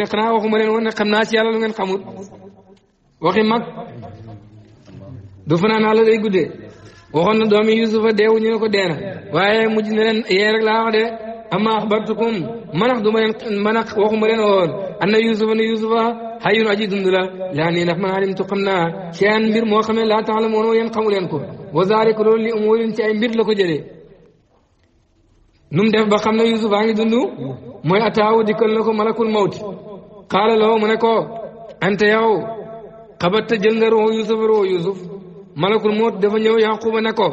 ne xanaa waxuma leen woon ne xam naa ci yàlla lu ngeen xamul waxi mag du fanaan ala day guddee وخون دومي يوسف ديو ني نكو دير واي مودي نلن يير لا وخ دي اما اخبرتكم منخ دوما منخ واخو مولين اون ان يوسف ان يوسف حي اجي دند لا لاني نخ ما علمت قمنا شان بير مو خمه لا تعلمون وين خمو لين كو وذلك لول لي امور انت اي مير لاكو جيري نوم ديف با خمنا يوسف باغي دندو موي اتاو ديكل لاكو ملك الموت قال له منكو انت ياو قبضت جلنرو يوسف رو يوسف, رو يوسف رو malakul moot dafa ñëw yaquba ne ko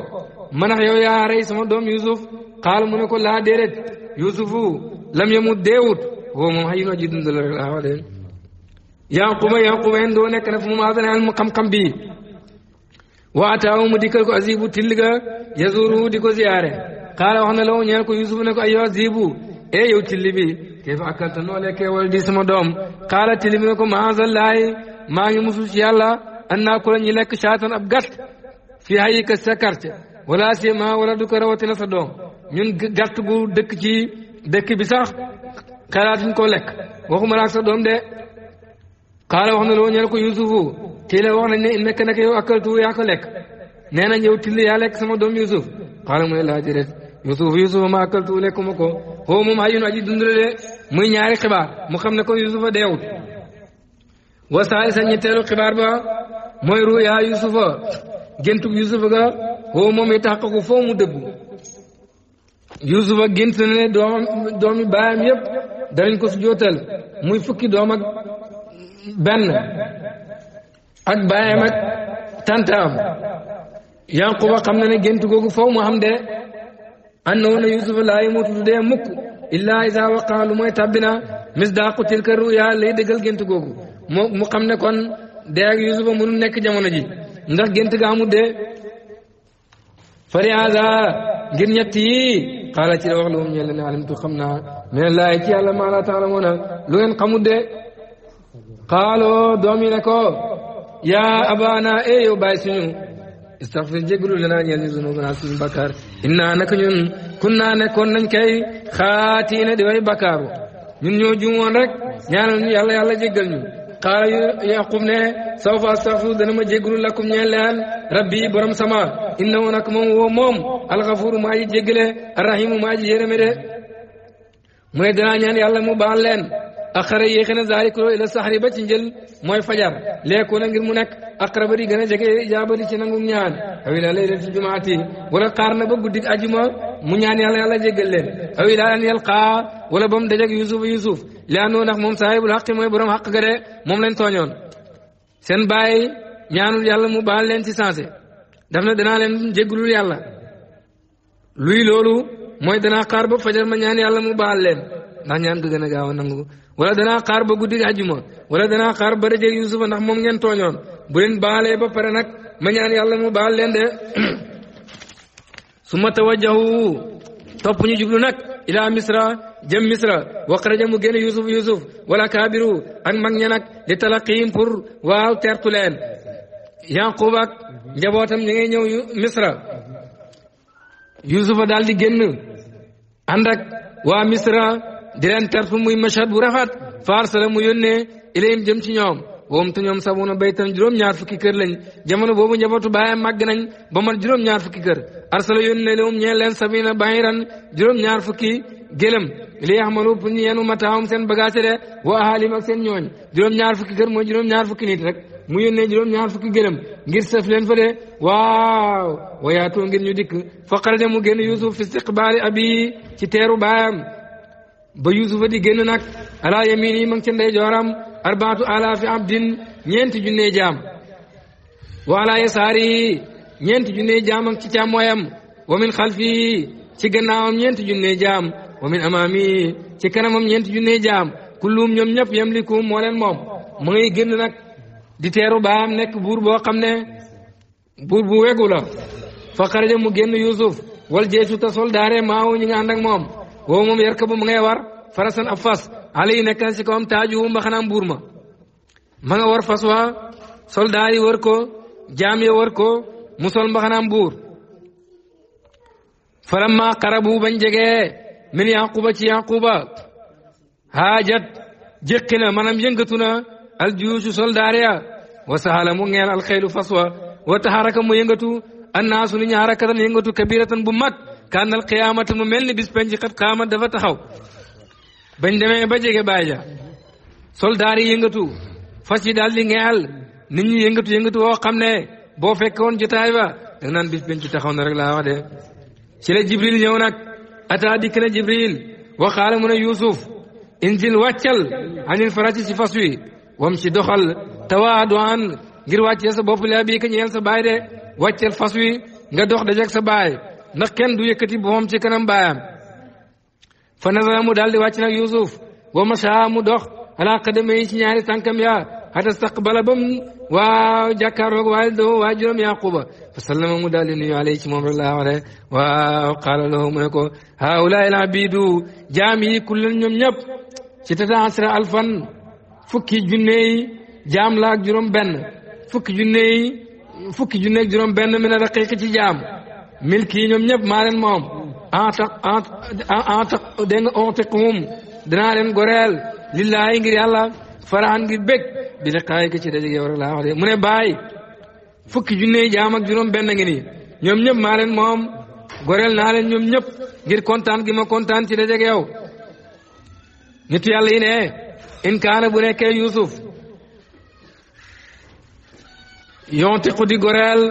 manax yow yaa rey sama doom yusuf xaal mu ne ko laa déedéet yusufu lam yamut deewut woo moom xëy na ji dund la rek laa wax de yaquba yaquba en doo mu aadana mu bi waataaw mu dikkal ko azibu till ga yazuru di ko ziyaare xaala wax na law ñeel ko yusuf ne ko ayo azibu e eh yow till bi kee fa akkalta noo di sama doom xaala till ne ko maazallaahi maa ngi musul ci an naa ku la ñu lekk saatan ab gàtt fii hayi ka sa karte wala sima wala du ko rawatina sa doom ñun gàtt bu dëkk ci dëkk bi sax xalaatuñ koo lekk waxuma laak sa doom de xaala wax na loo ñel ko yusufu tiila wax nañ ne nekk nak yow akkaltu yaa ko lekk nee nañ yow till yaa lekk sama doom yusuf xaala mu ne laa déedéet yusuf yusuf ma akkaltu lekkuma ko xoo moom ayun aji dundale de muy ñaari xibaar mu xam ne ko yusufa deewut wa saali sa ñetteelu xibaar ba mooy ruyaa yusufa géntub yusufa ga woo moom it xaqaku foo mu dëggu yusufa gént na ne doomam doomi baayam yépp danañ ko jootal muy fukki doom ak benn ak baayam ak tantaam yanquba xam na ne gént googu faw mu xam de annahu na yusufa laa yamutu du dee mukk illaa isa waqaa lu mooy tàbbina misdaaqu tilka ruya lay dëggal gént googu mu xam ne kon dee ak yusufa nekk jamono ji ndax gént ga amul dee farihaada ngir ñett yi xaala wax loolu ñeel ne alimtu xam na mais laay ci yàlla maa laa taalamuuna lu ngeen xamul de xaaloo doom yi ne ko yaa abaana e yow bàyyi suñu istaxfir jégalu ñu zunuubanaa suñu bakkaar innaa ñun kun naa nekkoon nañ kay xaatiina di way bakkaaru ñun ñoo juumoon rek ñaanal ñu yàlla yàlla jéggal ñu xaala yaqub ne sawfa astaghfiru dana ma jégalu lakum ñeel leen rabbi borom sama innahu nak moom moom alxafuru maa ji jéggale arrahimu maa ji yërëme mu ne danaa ñaan yàlla mu baal leen axara yéexe na zaarikuloo ila saxari ba ci njël mooy fajar leekoo na ngir mu nekk aqraba di gën a jege ijaabati ci nangu ñaan aw ila laylati jumaati wala xaar na ba guddik ajuma mu ñaan yàlla yàlla jéggal leen aw ila an yalqaa wala ba dajak yusuf yusuf li àndoon ndax moom saahibul xaqi mooy borom xaq ga de moom lañ tooñoon seen baay ñaanul yàlla mu baal leen ti sensé daf na danaa leen jéggulul yàlla luy loolu mooy danaa xaar ba fajar ma ñaan yàlla mu baal leen ñaan ko gën a gaaw a nangu wala danaa xaar ba guddi àjjuma wala danaa xaar ba dajeeg Yuusufa ndax moom ngeen tooñoon bu leen baalee ba pare nag ma yàlla mu baal leen de su ma tawajjahu topp ñu jublu nag ilaa misra jëm misra waqraja mu génn yusuf yusuf wala kaabiru ak mag ña nag li talaqihim pour waaw tertu leen yaqub ak njabootam ñi ngay ñëw misra yusufa daal di génn ànd ak waa misra di leen tertu muy mashad bu rafet farsala mu yónnee ilayhim jëm ci ñoom woom te ñoom sabuuna baytan juróom-ñaar fukki kër lañ jamono boobu njabootu baayam màgg nañ ba mat juróom-ñaar fukki kër arsala yónni na lewum ñeen leen sabina bahiran juróom-ñaar fukki gélëm li yaxmalu pour ñu yenu mataawum seen bagage de wa ahaalim ak seen ñooñ juróom-ñaar fukki kër mooy juróom-ñaar fukki nit rek mu yónnee juróom-ñaar fukki gélëm ngir sëf leen fa de waaw wayaatoo ngir ñu dikk faqara de mu génn yusuf fi istiqbaali abi ci teeru baayam ba yusufa di génn nag ala yamin yi ma ngi ca ndey jooram arbaatu alaafi abdin ñeenti junne jaam wa ala yasaari ñeenti junne jaam ak ci càmmooyam wa min xalfi ci gannaawam ñeenti junne jaam wa min amaami ci kanamam ñeenti junne jaam kulluum ñoom ñëpp yamlikuum moo leen moom mu ngay génn nag di baam nekk buur boo xam ne buur bu wegu la fa xaraja mu génn yusuf wal jeesu ta soldaare maaw ñi nga ànd moom woo moom yarka bu mu ngay war farasan ab fas ala yi nekk na si kawam taaju mbaxanaam buur ma ma nga war fas waa yi war ko jaam war ko musol sol mbuur buur falamma qarabu bañ jegee min yaquba ci yaquba haajat jéqi na maanaam yëngatu na aljuyuusu soldaar ya wa sahala mu ngeel alxeylu fas wa wa taxaraka mu yëngatu annaasu ni ñaa harakatan yëngatu kabiratan bu mag kaanal qiyaamata mu mel ni bis penc xat dafa taxaw bañ demee ba jege baay ja soldaar yi yëngatu fas yi daal di ngeyal nit ñi yëngatu yëngatu woo xam ne boo fekkoon jotaay ba danga naan bis benn ci taxaw na rek laa wax de ci la jibril ñëw nag ata dikk na jibril waxaala mu ne yuusuf inzil wàccal fa farasi ci fas wi wam si doxal tawaadu an ngir wàccee sa bopp laa bii ka ñeel sa baay de wàccal fas wi nga dox dajeg sa baay ndax kenn du yëkkati boom ci kanam baayam fa nazara mu daal di wàcc nag Yuusuf wa masaa mu dox ala qadame yi ci ñaari tànkam yaa xata staqbala ba mu waaw jàkkaarloog waalidahu waajuram Yaquba fa sallama mu daal nuyu alayhi ci moom rek laa waxee waaw qaala lahu mu ne ko jaam yi kullan ñoom ñëpp ci tata asra alfan fukki junne jaam la juróom benn fukki junne fukki junne juróom benn min a raqiqi ci jaam milki yi ñoom ñëpp maa leen moom entaq entaq dégg nga ontiqhum danaa leen goreel lillaahi ngir yàlla farahan ngir bég bi liqaayi ko ci dajeg yow rek laa wax de mu ne bàyyi fukki junne jaam juróom benn ngi nii ñoom ñëpp maa leen moom goreel naa leen ñoom ñëpp ngir kontaan gi ma kontaan ci dajeg yow nitu yàlla yi in kaana bu nekkee Yuusuf yontiqu di goreel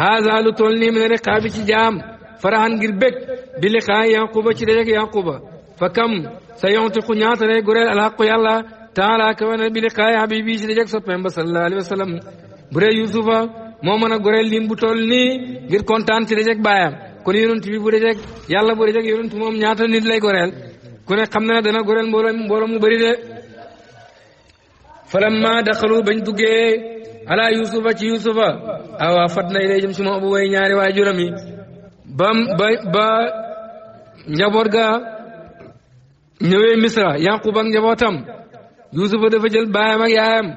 haasa lu toll nii ne rek ci jaam farahan ngir bég bi liqaay yaquba ci dajeg yaquba fa kam sa yontiqu ñaata lay goreel alxaqu yàlla taala kawe na bi liqaay habibi ci dajeg soppeem ba sallallahu alayhi wa sallam yusufa moo mën a goreel lim bu toll nii ngir kontaan ci dajeg baayam kon yonent bi bu dajeg yàlla bu dajeg yonent moom ñaata nit lay goreel ku ne xam na dana goreel mbooloo mbooloo mu bëri de falamma daxalu bañ duggee ala yusufa ci yusufa awaa fat na ilay jëm si moom bu way yi ba ba njaboot ga ñëwee misra yaqub ak njabootam a dafa jël baayam ak yaayam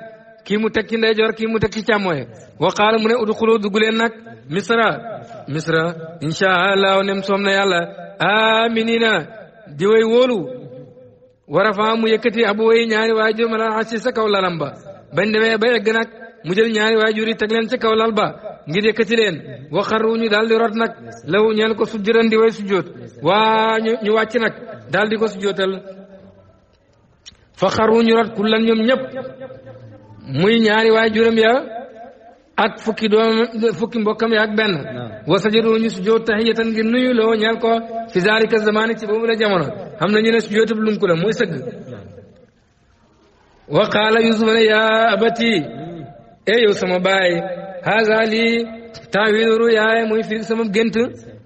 kii mu teg ci ndeyjoor kii mu tekki ci càmmooy wa qaala mu ne udxulu dugg leen nag misra misra insha allah nem soom na yàlla aminina di way wóolu war a mu yëkkati abu way ñaari waajur ma la asi sa kaw lalam ba bañ demee ba egg nag mu jël ñaari waajur yi teg leen ca kaw lal ba ngir yëkkati leen waxaru ñu daal di rot nag law ñeel ko sujjuran di way sujjoot waa ñu ñu wàcc nag daal di ko sujjootal fa xaru ñu rot kullan ñoom ñëpp muy ñaari waay juróom ya ak fukki doom fukki mbokkam ya ak benn wa sajadu ñu sujjoot tahiyatan ngir nuyu law ñeel ko fi zalika zamani ci boobu la jamono xam nañu ne sujjootub lunku la muy sëgg wa qaala yusuf ne yaa abati e yow sama baay haasa lii taawilu ruyaaya muy firi sama gént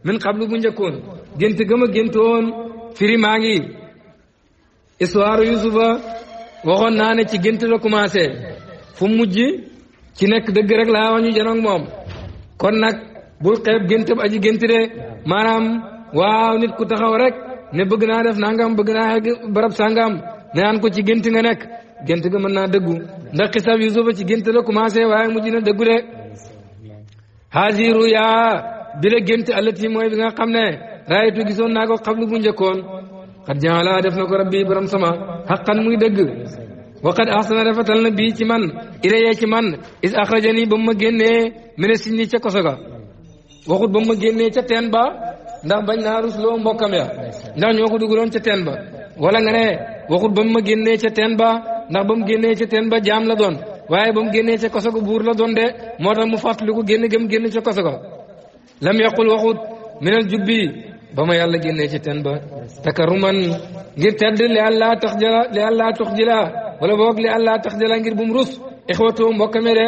min xablu bu njëkkoon gént gëm a géntoon firi maa ngi histoire Yusufa waxoon naa ne ci gént la commencé fu mujj ci nekk dëgg rek laa wax ñu moom kon nag bul xeeb gént ba aji gént de maanaam waaw nit ku taxaw rek ne bëgg naa def nangam bëgg naa egg barab sangam ne naan ko ci gént nga nekk gént ga mën naa dëggu ndax xisaab Yusufa ci gént la commencé waaye mujj na dëggu de haasiru yaa bi la gént allati mooy bi nga xam ne raaytu gisoon naa ko xablu bu njëkkoon xat jaala def na ko rabbi borom sama xaqan muy dëgg waqad ahsana rafetal na bii ci man ilayee ci man is axrajani ba mu ma génnee mene sin ni ca koso ga waxut ba mu ma ca teen ba ndax bañ naa rusloo mbokkam ya ndax ñoo ko dugaloon ca teen ba wala nga ne waxut ba mu ma génnee ca teen ba ndax ba mu génnee ca teen ba jaam la doon waaye ba mu génnee ca kosogo buur la doon de moo tax mu fàttaliku génn gëm génn ca kosogo lam yaqul waxut minal jubbi ba ma yàlla génnee ca ten ba takaruman ngir tedd li àllaa tax jala li àllaa tax jila wala boog li àllaa tax jala ngir bu mu rus ixwatu mbokkame de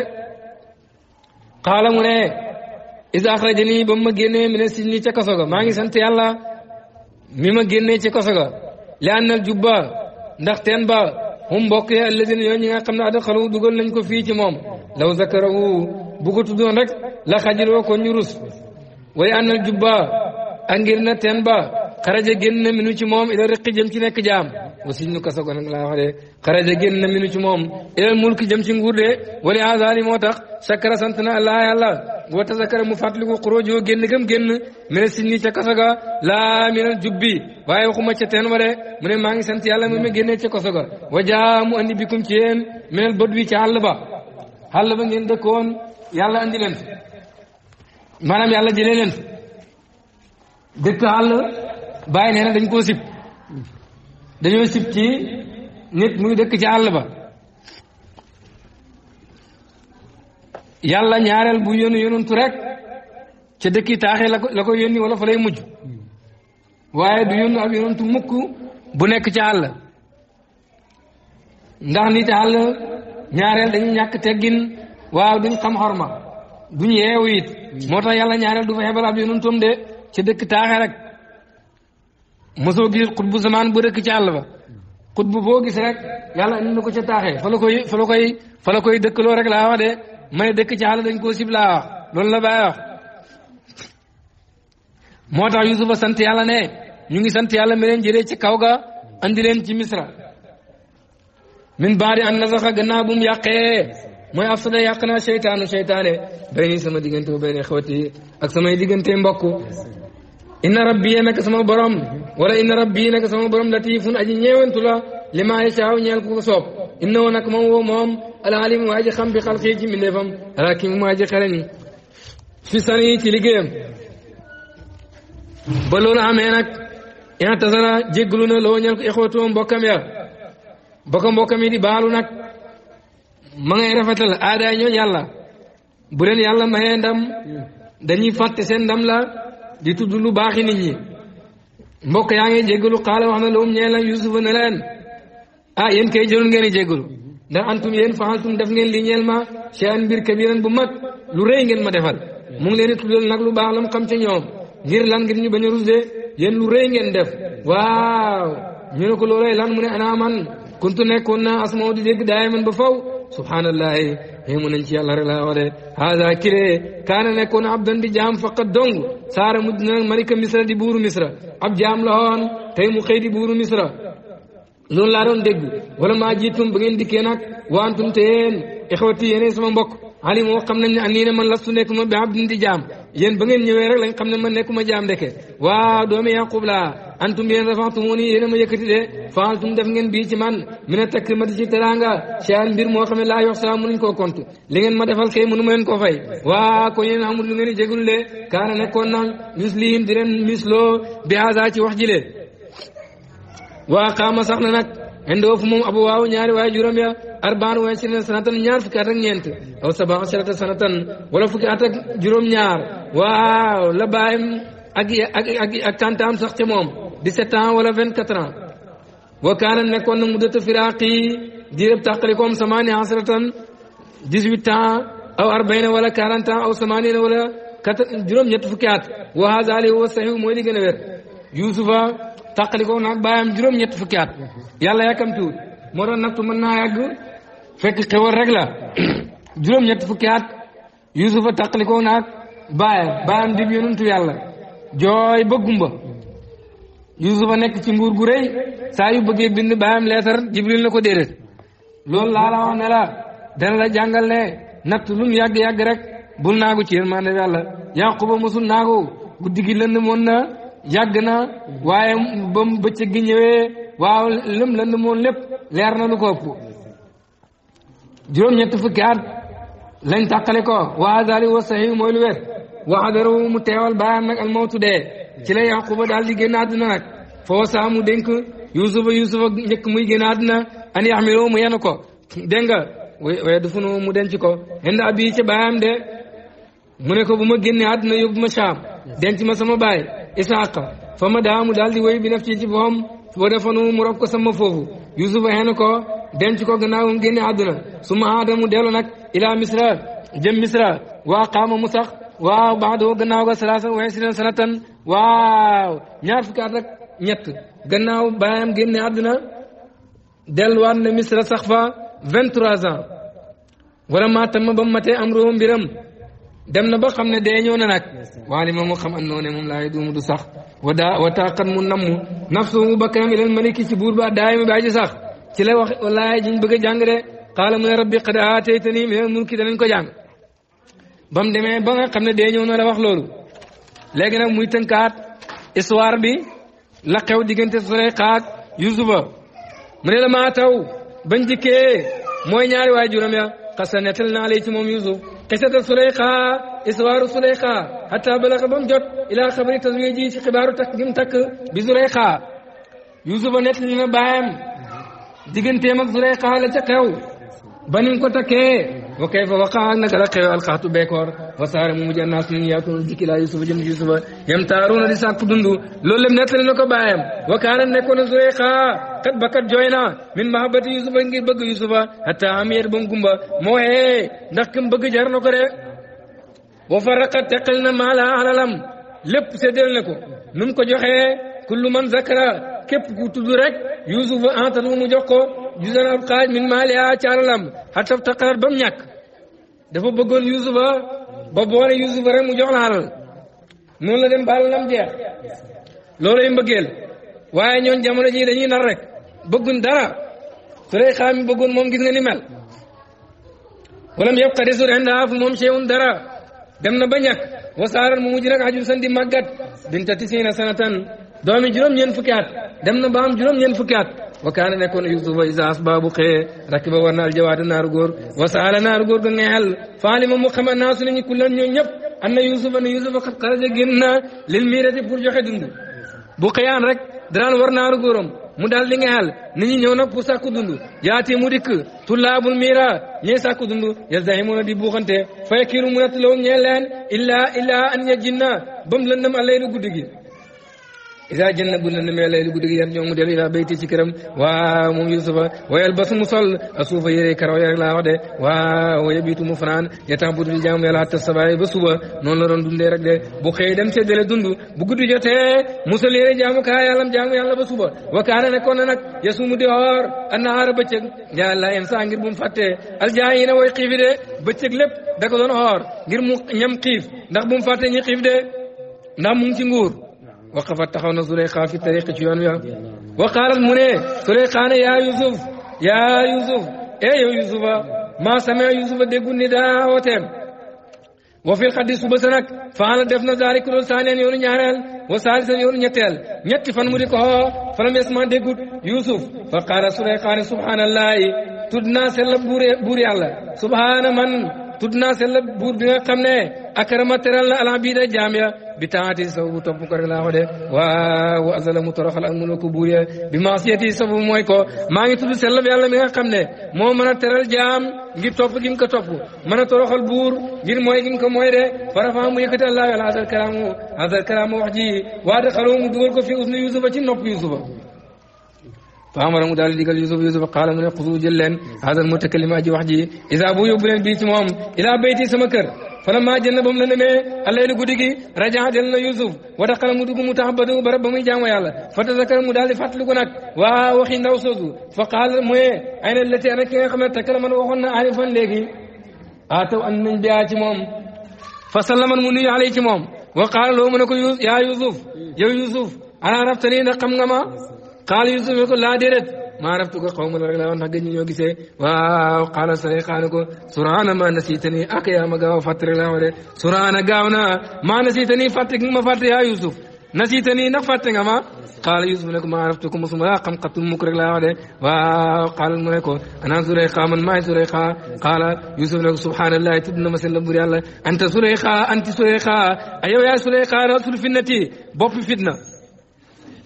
xaala mu ne isa axraja nii ba mu ma génnee minal si ca kosogo maa ngi sant yàlla mi ma génnee ca kosogo li ànnal jubba ndax ten ba hum mbokk yi alladina ñoo ñi nga xam ne adxalu dugal nañ ko fii ci moom law zakarahu bu ko tuddoon rek la xajiloo ko ñu rus way ànnal jubba angir na teen ba xaraja génn na minu ci moom ila riqi jëm ci nekk jaam wasiñ nu kasago nag laa wax de xaraja génn na minu ci moom ilal mulki jëm ci nguur de wali azali moo tax sakara sant na allah yàlla boo tasakara mu fàttaliku xurojoo génn gëm génn mene siñ ni ca kasaga laa minal jubbi waaye waxuma ca teen wa de maa ngi sant yàlla mu ma génnee ca kasaga wa jaa mu andi bikum ci yéen minal bët ci àll ba àll ba ngeen dëkkoon yàlla andi leen maanaam yàlla jëlee leen dëkk àll bàyyi nee na dañ koo sib dañoo sib nit muy dëkk ci àll ba yàlla ñaareel bu yónni yónantu rek ca dëkki taaxee la ko la ko yónni wala fa lay mujj waaye du yónni ak yónantu mukk bu nekk ci àll ndax nit àll ñaareel dañu ñàkk teggin waaw duñ xam xorma duñ yeewu it mm. moo tax yàlla ñaareel du fa xebal ab yónantoom de ca dëkk taaxee rek mosoo gis xutbu zamaan bu rekk ci àll ba xutbu boo gis rek yàlla na ko ca taaxee fa koy fa la koy fa koy dëkkaloo rek laa wax de may dëkk ci àll dañ koo sib laa wax loolu la bàyyi wax moo tax Yuusufa sant yàlla ne ñu ngi sant yàlla mi leen ci kaw ga andi leen ci misra min baadi an nasaxa gannaaw bu mu yàqee mooy afsada yàq naa seytaanu seytaane bay sama diggante ba bay ne ak samay diggante mbokk inna rabbi nag sama borom wala inna rabbi nag sama borom latifun aji ñeewantu la li maa ku ko soob woon nag moom woo moom alalim waa ji bi xal xii ci mbindeefam alakim waa ji xare ni fi san yi ci liggéeyam ba amee nag ina tasara jéggalu na loo ñeel ko ixwatuwam mbokkam ya bokka mbokkam yi baalu nag ma ngay rafetal aadaay ñooñ yàlla bu leen mayee ndam dañuy fàtte seen ndam la di tudd lu baaxi nit ñi mbokk yaa ngi jéggalu xaala wax na lawum ñeel na yusufa ne leen ah yéen kay joon ngeen di jéggalu ndax antum yéen faaltum def ngeen li ñeel ma shay'an mbir kabiran bu mag lu rëy ngeen ma defal mu ngi leen di nag lu baax lam xam ci ñoom ngir lan ngir ñu bañ a rusde yéen lu rëy ngeen def waaw ñu ne ko loolay lan mu ne ana man kuntu nekkoon naa asmaw di dégg daay man ba faw subhanallah xéemu nañ ci yàlla rek laa wax de haada kile kaana nekkoon abdan di jaam faqat dong saara mujj na malika misra di buuru misra ab jaam la woon tey mu xëy di buuru misra loolu laa doon dégg wala maa jiitum ba ngeen dikkee nag waantum te yéen ixwati yéenay sama mbokk ali moo xam nañ ne an nii ne man lastu nekkuma bi abdin di jaam yéen ba ngeen ñëwee rek lañ xam ne man nekkuma jaam ndeke waaw doomi yaqub laa antum yéen rafaxtumuuni yéen a ma yëkkati de faaltum def ngeen bii ci man mi ne takk ma di ci mbir moo xam ne laa yox saa mënuñ koo compte li ngeen ma defal kay mënu ma leen koo fay waa ko yéen amul lu ngeen di jégalu de kaana nekkoon na muslim di leen misloo bi haza ci wax ji le waa xaama sax na nag indoo fu moom abu waaw ñaari waaye juróom ya arbaan waaye sirina sanatan ñaar fukki at ak ñeent aw saba sarata sanatan wala fukki at ak juróom ñaar waaw la baayam ak sax ca moom 17 ans wala 24 ans wa kaana nekkoon na muddatu firaaqi diirëb tàqalikoom samaani asratan 18 ans aw arbaina wala 40 ans aw samaanina wala juróom-ñett fukki at wa haza li huwa saxihu mooy li gën yusufa tàqalikoom nag baayam juróom-ñett fukki at yàlla yàkkamtiwut moo tax nag mën naa yàgg fekk xewal rek la juróom-ñett fukki yusufa tàqalikoom nag baayam baayam dib yonentu yàlla jooy ba gumba Yuusufa nekk ci nguur gu rëy saa yu bëggee leetar Jibril na ko déedéet loolu laa la wax dana la jàngal ne natt lu mu yàgg-yàgg rek bul naagu ci yërmande yàlla Yaquba mosul naagu guddi gi lënd moon na yàgg na waaye ba mu bëccëg gi ñëwee waaw lëm lënd moon leer na lu ko ëpp juróom-ñett fukki at lañ tàqale ko wa haazali wa sahiih mooy lu wér wa mu teewal baayam nag al mawtu dee ci la yaquba daal di génn àdduna nag foo saa mu dénk yusufa yusufa njëkk muy génn àdduna an yaxmiloo mu yenu ko dégg nga waaye du funu mu denc ko indi abi ca de mu ne ko bu ma génnee àdduna yóbbu ma saam denc ma sama baay isaaqa fa ma daamu daal di woy bi naf ci ci boppam wa defanu mu rob ko sama foofu yusufa hen ko denc ko gannaaw mu génne àdduna su ma aadamu delo nag ila misra jëm misra waa qaama mu sax waa baadoo gannaaw ga salaasa wa isrina sanatan waaw ñaar fukki at ñett gannaaw baayam génne àdduna delluwaat na misra sax fa vingt trois ans wala maatama ba mu matee am róom mbiram dem na ba xam ne dee ñëw na nag waali moom moo xam andoo ne moom laay duumu du sax wa daa wa taqat mu namm nafsuhu bakkanam ilal maliki ci buur ba daayima bi aji sax ci la wax walaay jiñ bëgg a jàng de xaala mu ne rabbi qad aataytani minal mulki danañ ko jàng ba demee ba nga xam ne dee na la wax loolu léegi nag muy tënkaat histoire bi la xew diggante Suleyxa ak Yusufa mu la maa taw bañ dikkee mooy ñaari waay juróom ya xasa nettal naa lay ci moom Yusuf xisata Suleyxa histoire Suleyxa hatta balaxa ba mu jot ilaa xabari taswiji ci xibaaru takk gi mu takk bi Suleyxa Yusufa nettali na baayam digganteem ak Suleyxa la ca xew ba ni ko takkee wa kayfa waqa naka la xewe alxaatu beekoor wasaare mu mujj annaas nañ yaatuna jikki laa yusufa jëm ci yam taaruuna di sàkku dundu loolu lépp nettali na ko baayam wa kaana nekkoon Zulayxa kat bakat jooy na min mahabbati yusufa ngir bëgg yusufa hatta amiyat ba mu gumba moo hee ndax kim bëgg jar na ko de wa faraqat teqal na maala lépp séddal ko nu ko joxee kullu man zakara képp ku tudd rek yusufa antatu mu jox ko jusan ab xaaj min maaliha ci alalam xatab taqarat ba mu ñàkk dafa bëggoon yusufa ba boole rek mu jox la alal noonu la dem ba alalam jeex loolay mbëggeel waaye ñoon jamono ji dañuy nar rek bëgguñ dara su lay xaami bëggoon moom gis nga ni mel wala mu yëpp xa desul indaa fu moom ceewun dara dem na ba ñàkk wasaaran mu mujj nag aju san di màggat binta tisiina sanatan doomi juróom-ñeent fukki at dem na baam am juróom fukki at wa kaana nekkoon yusufa isa asbaabu xëye rakiba war na aljawaata naaru góor wa saala naaru góor ga ngexel faalima mu xama naasu nañu kullan ñoo ñëpp an na yusufa ne yusufa xat xaraja génn na lil miirati bu xëyaan rek daraan war naaru góoram mu daal di ngexel nit ñi ñëw nag pour sàkku dund yaati mu dikk tullaabul miira ñee sàkku dund yalzahimuna di buuxante fa yakiru mu natt lawu ñee leen illaa illaa an yajinna bam lëndam allaylu guddi gi إذا جن بنا نميل إلى بدر يان يوم مدير إلى بيت سكرم وا مم يوسف ويلبس مصل أسوف يري كرويا لا ودي وا ويبيت مفران يتعبد الجام يلا حتى الصباح بسوا نون لون دون ديرك دي بخير دم سدل دون دو بقدر جت مصل يري جام كه يا جام يا بسوا وكان نكون نك يسوع مدير النهار بتشك يا الله إنسان غير بمفتة الجاهين ويقيف ده بتشك لب دكتور نهار غير مم يم قيف دك بمفتة ده نام مم تنقول waqafa taxaw na Zuleyxa fi tariqi ci yoon wi ah wa qaalat mu ne Zuleyxa ne yaa Yusuf yaa Yusuf eh yow Yusufa maa samee Yusufa déggu ni daa wooteem wa fil xaddi suba sa nag faala def na zaari kuréel saaneen yoonu ñaareel wa saalisan yoonu ñetteel ñetti fan mu di ko xoo falam yasma déggut Yusuf fa qaala Zuleyxa ne subhaanallahi tudd naa sell buur yàlla subhaana man. tudd naa sell buur bi nga xam ne akarama teral na alabida jaam ya bi taati sababu topp ko rek laa ko de waaw azalamu toroxal ak mën ko buur ya bi maasiyati sababu mooy ko maa ngi tudd sell yàlla mi nga xam ne moo mën a teral jaam ngir topp gi mu ko topp mën a toroxal buur ngir mooy gi mu ko mooy de farafa mu yëkkati allah yàlla azal kalaamu azal kalaamu wax waa de xaloo mu dugal ko fi usnu yusufa ci nopp yusufa فامر مدار ديغال يوسف يوسف قال من قضو جلا هذا المتكلم اجي وحجي اذا ابو يبن البيت مام الى بيتي سمكر فلما جنبهم لنا الليل غدغي رجع جلنا يوسف ودخل مدغ متحبد برب مي جامو يالا فتذكر مدال فاتلو نك وا وخي ندو سوزو فقال مي اين التي انا كي خما تكلم من وخنا عارفا لغي اتو ان من بياتي مام فسلم من عليه مام وقال له منكو يا يوسف يا يوسف انا عرفتني نقم نما xaal yusuf ne ko laa déedéet maaraftu ko xaw ma la rek laa woon nag ñu ñoo gisee waaw xaala sare xaana ko suraana maa nasiitani ak yaa ma gaaw a fàtte rek laa ma de suraana gaaw naa maa nasiitani fàtte gi ma fàtte yaa yusuf nasiitani ndax fàtte nga ma قال يوسف لكم ما عرفتكم ثم لا قم قد مكرك لا وعد وقال الملك انا زليخا من معي زليخا قال يوسف لكم سبحان الله تبنا مثل لبري الله انت زليخا انت زليخا ايوه يا زليخا رسول فنتي بوب فتنه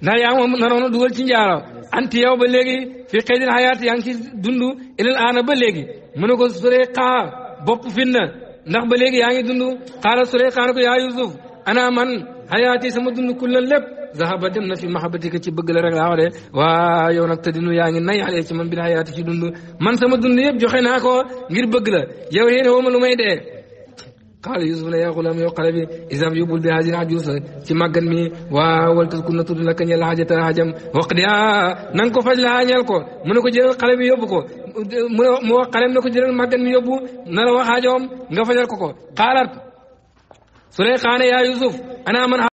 na yaa moom naroon a dugal ci njaaro anti yow ba léegi fi xëy din xayaat yaa ngi ci dund ilal aana ba léegi mu ne ko Sureyqaa bopp finna ndax ba léegi yaa ngi dund xaala Sureyqaa ne ko yaa Yusuf ana man xayaati sama dund kullan lépp zahaba dem na fi mahabatika ci bëgg la rek waa yow nag te dinu yaa ngi nay alee ci man bi xayaati ci dund man sama dund yëpp joxe naa ko ngir bëgg la yow yéen wooma lu may dee قال يوسف لا يا غلام يا قلبي اذا يقول بهذه العجوز كي ما كان مي واول تكون تود لك ان لا حاجه تهاجم وقد يا نانكو فاج لا نيل كو منكو جيرل قلبي يوبكو مو قلم نكو جيرل ما كان مي يوبو نلا وا حاجوم غا فاجل كوكو قالت سري خان يا يوسف انا من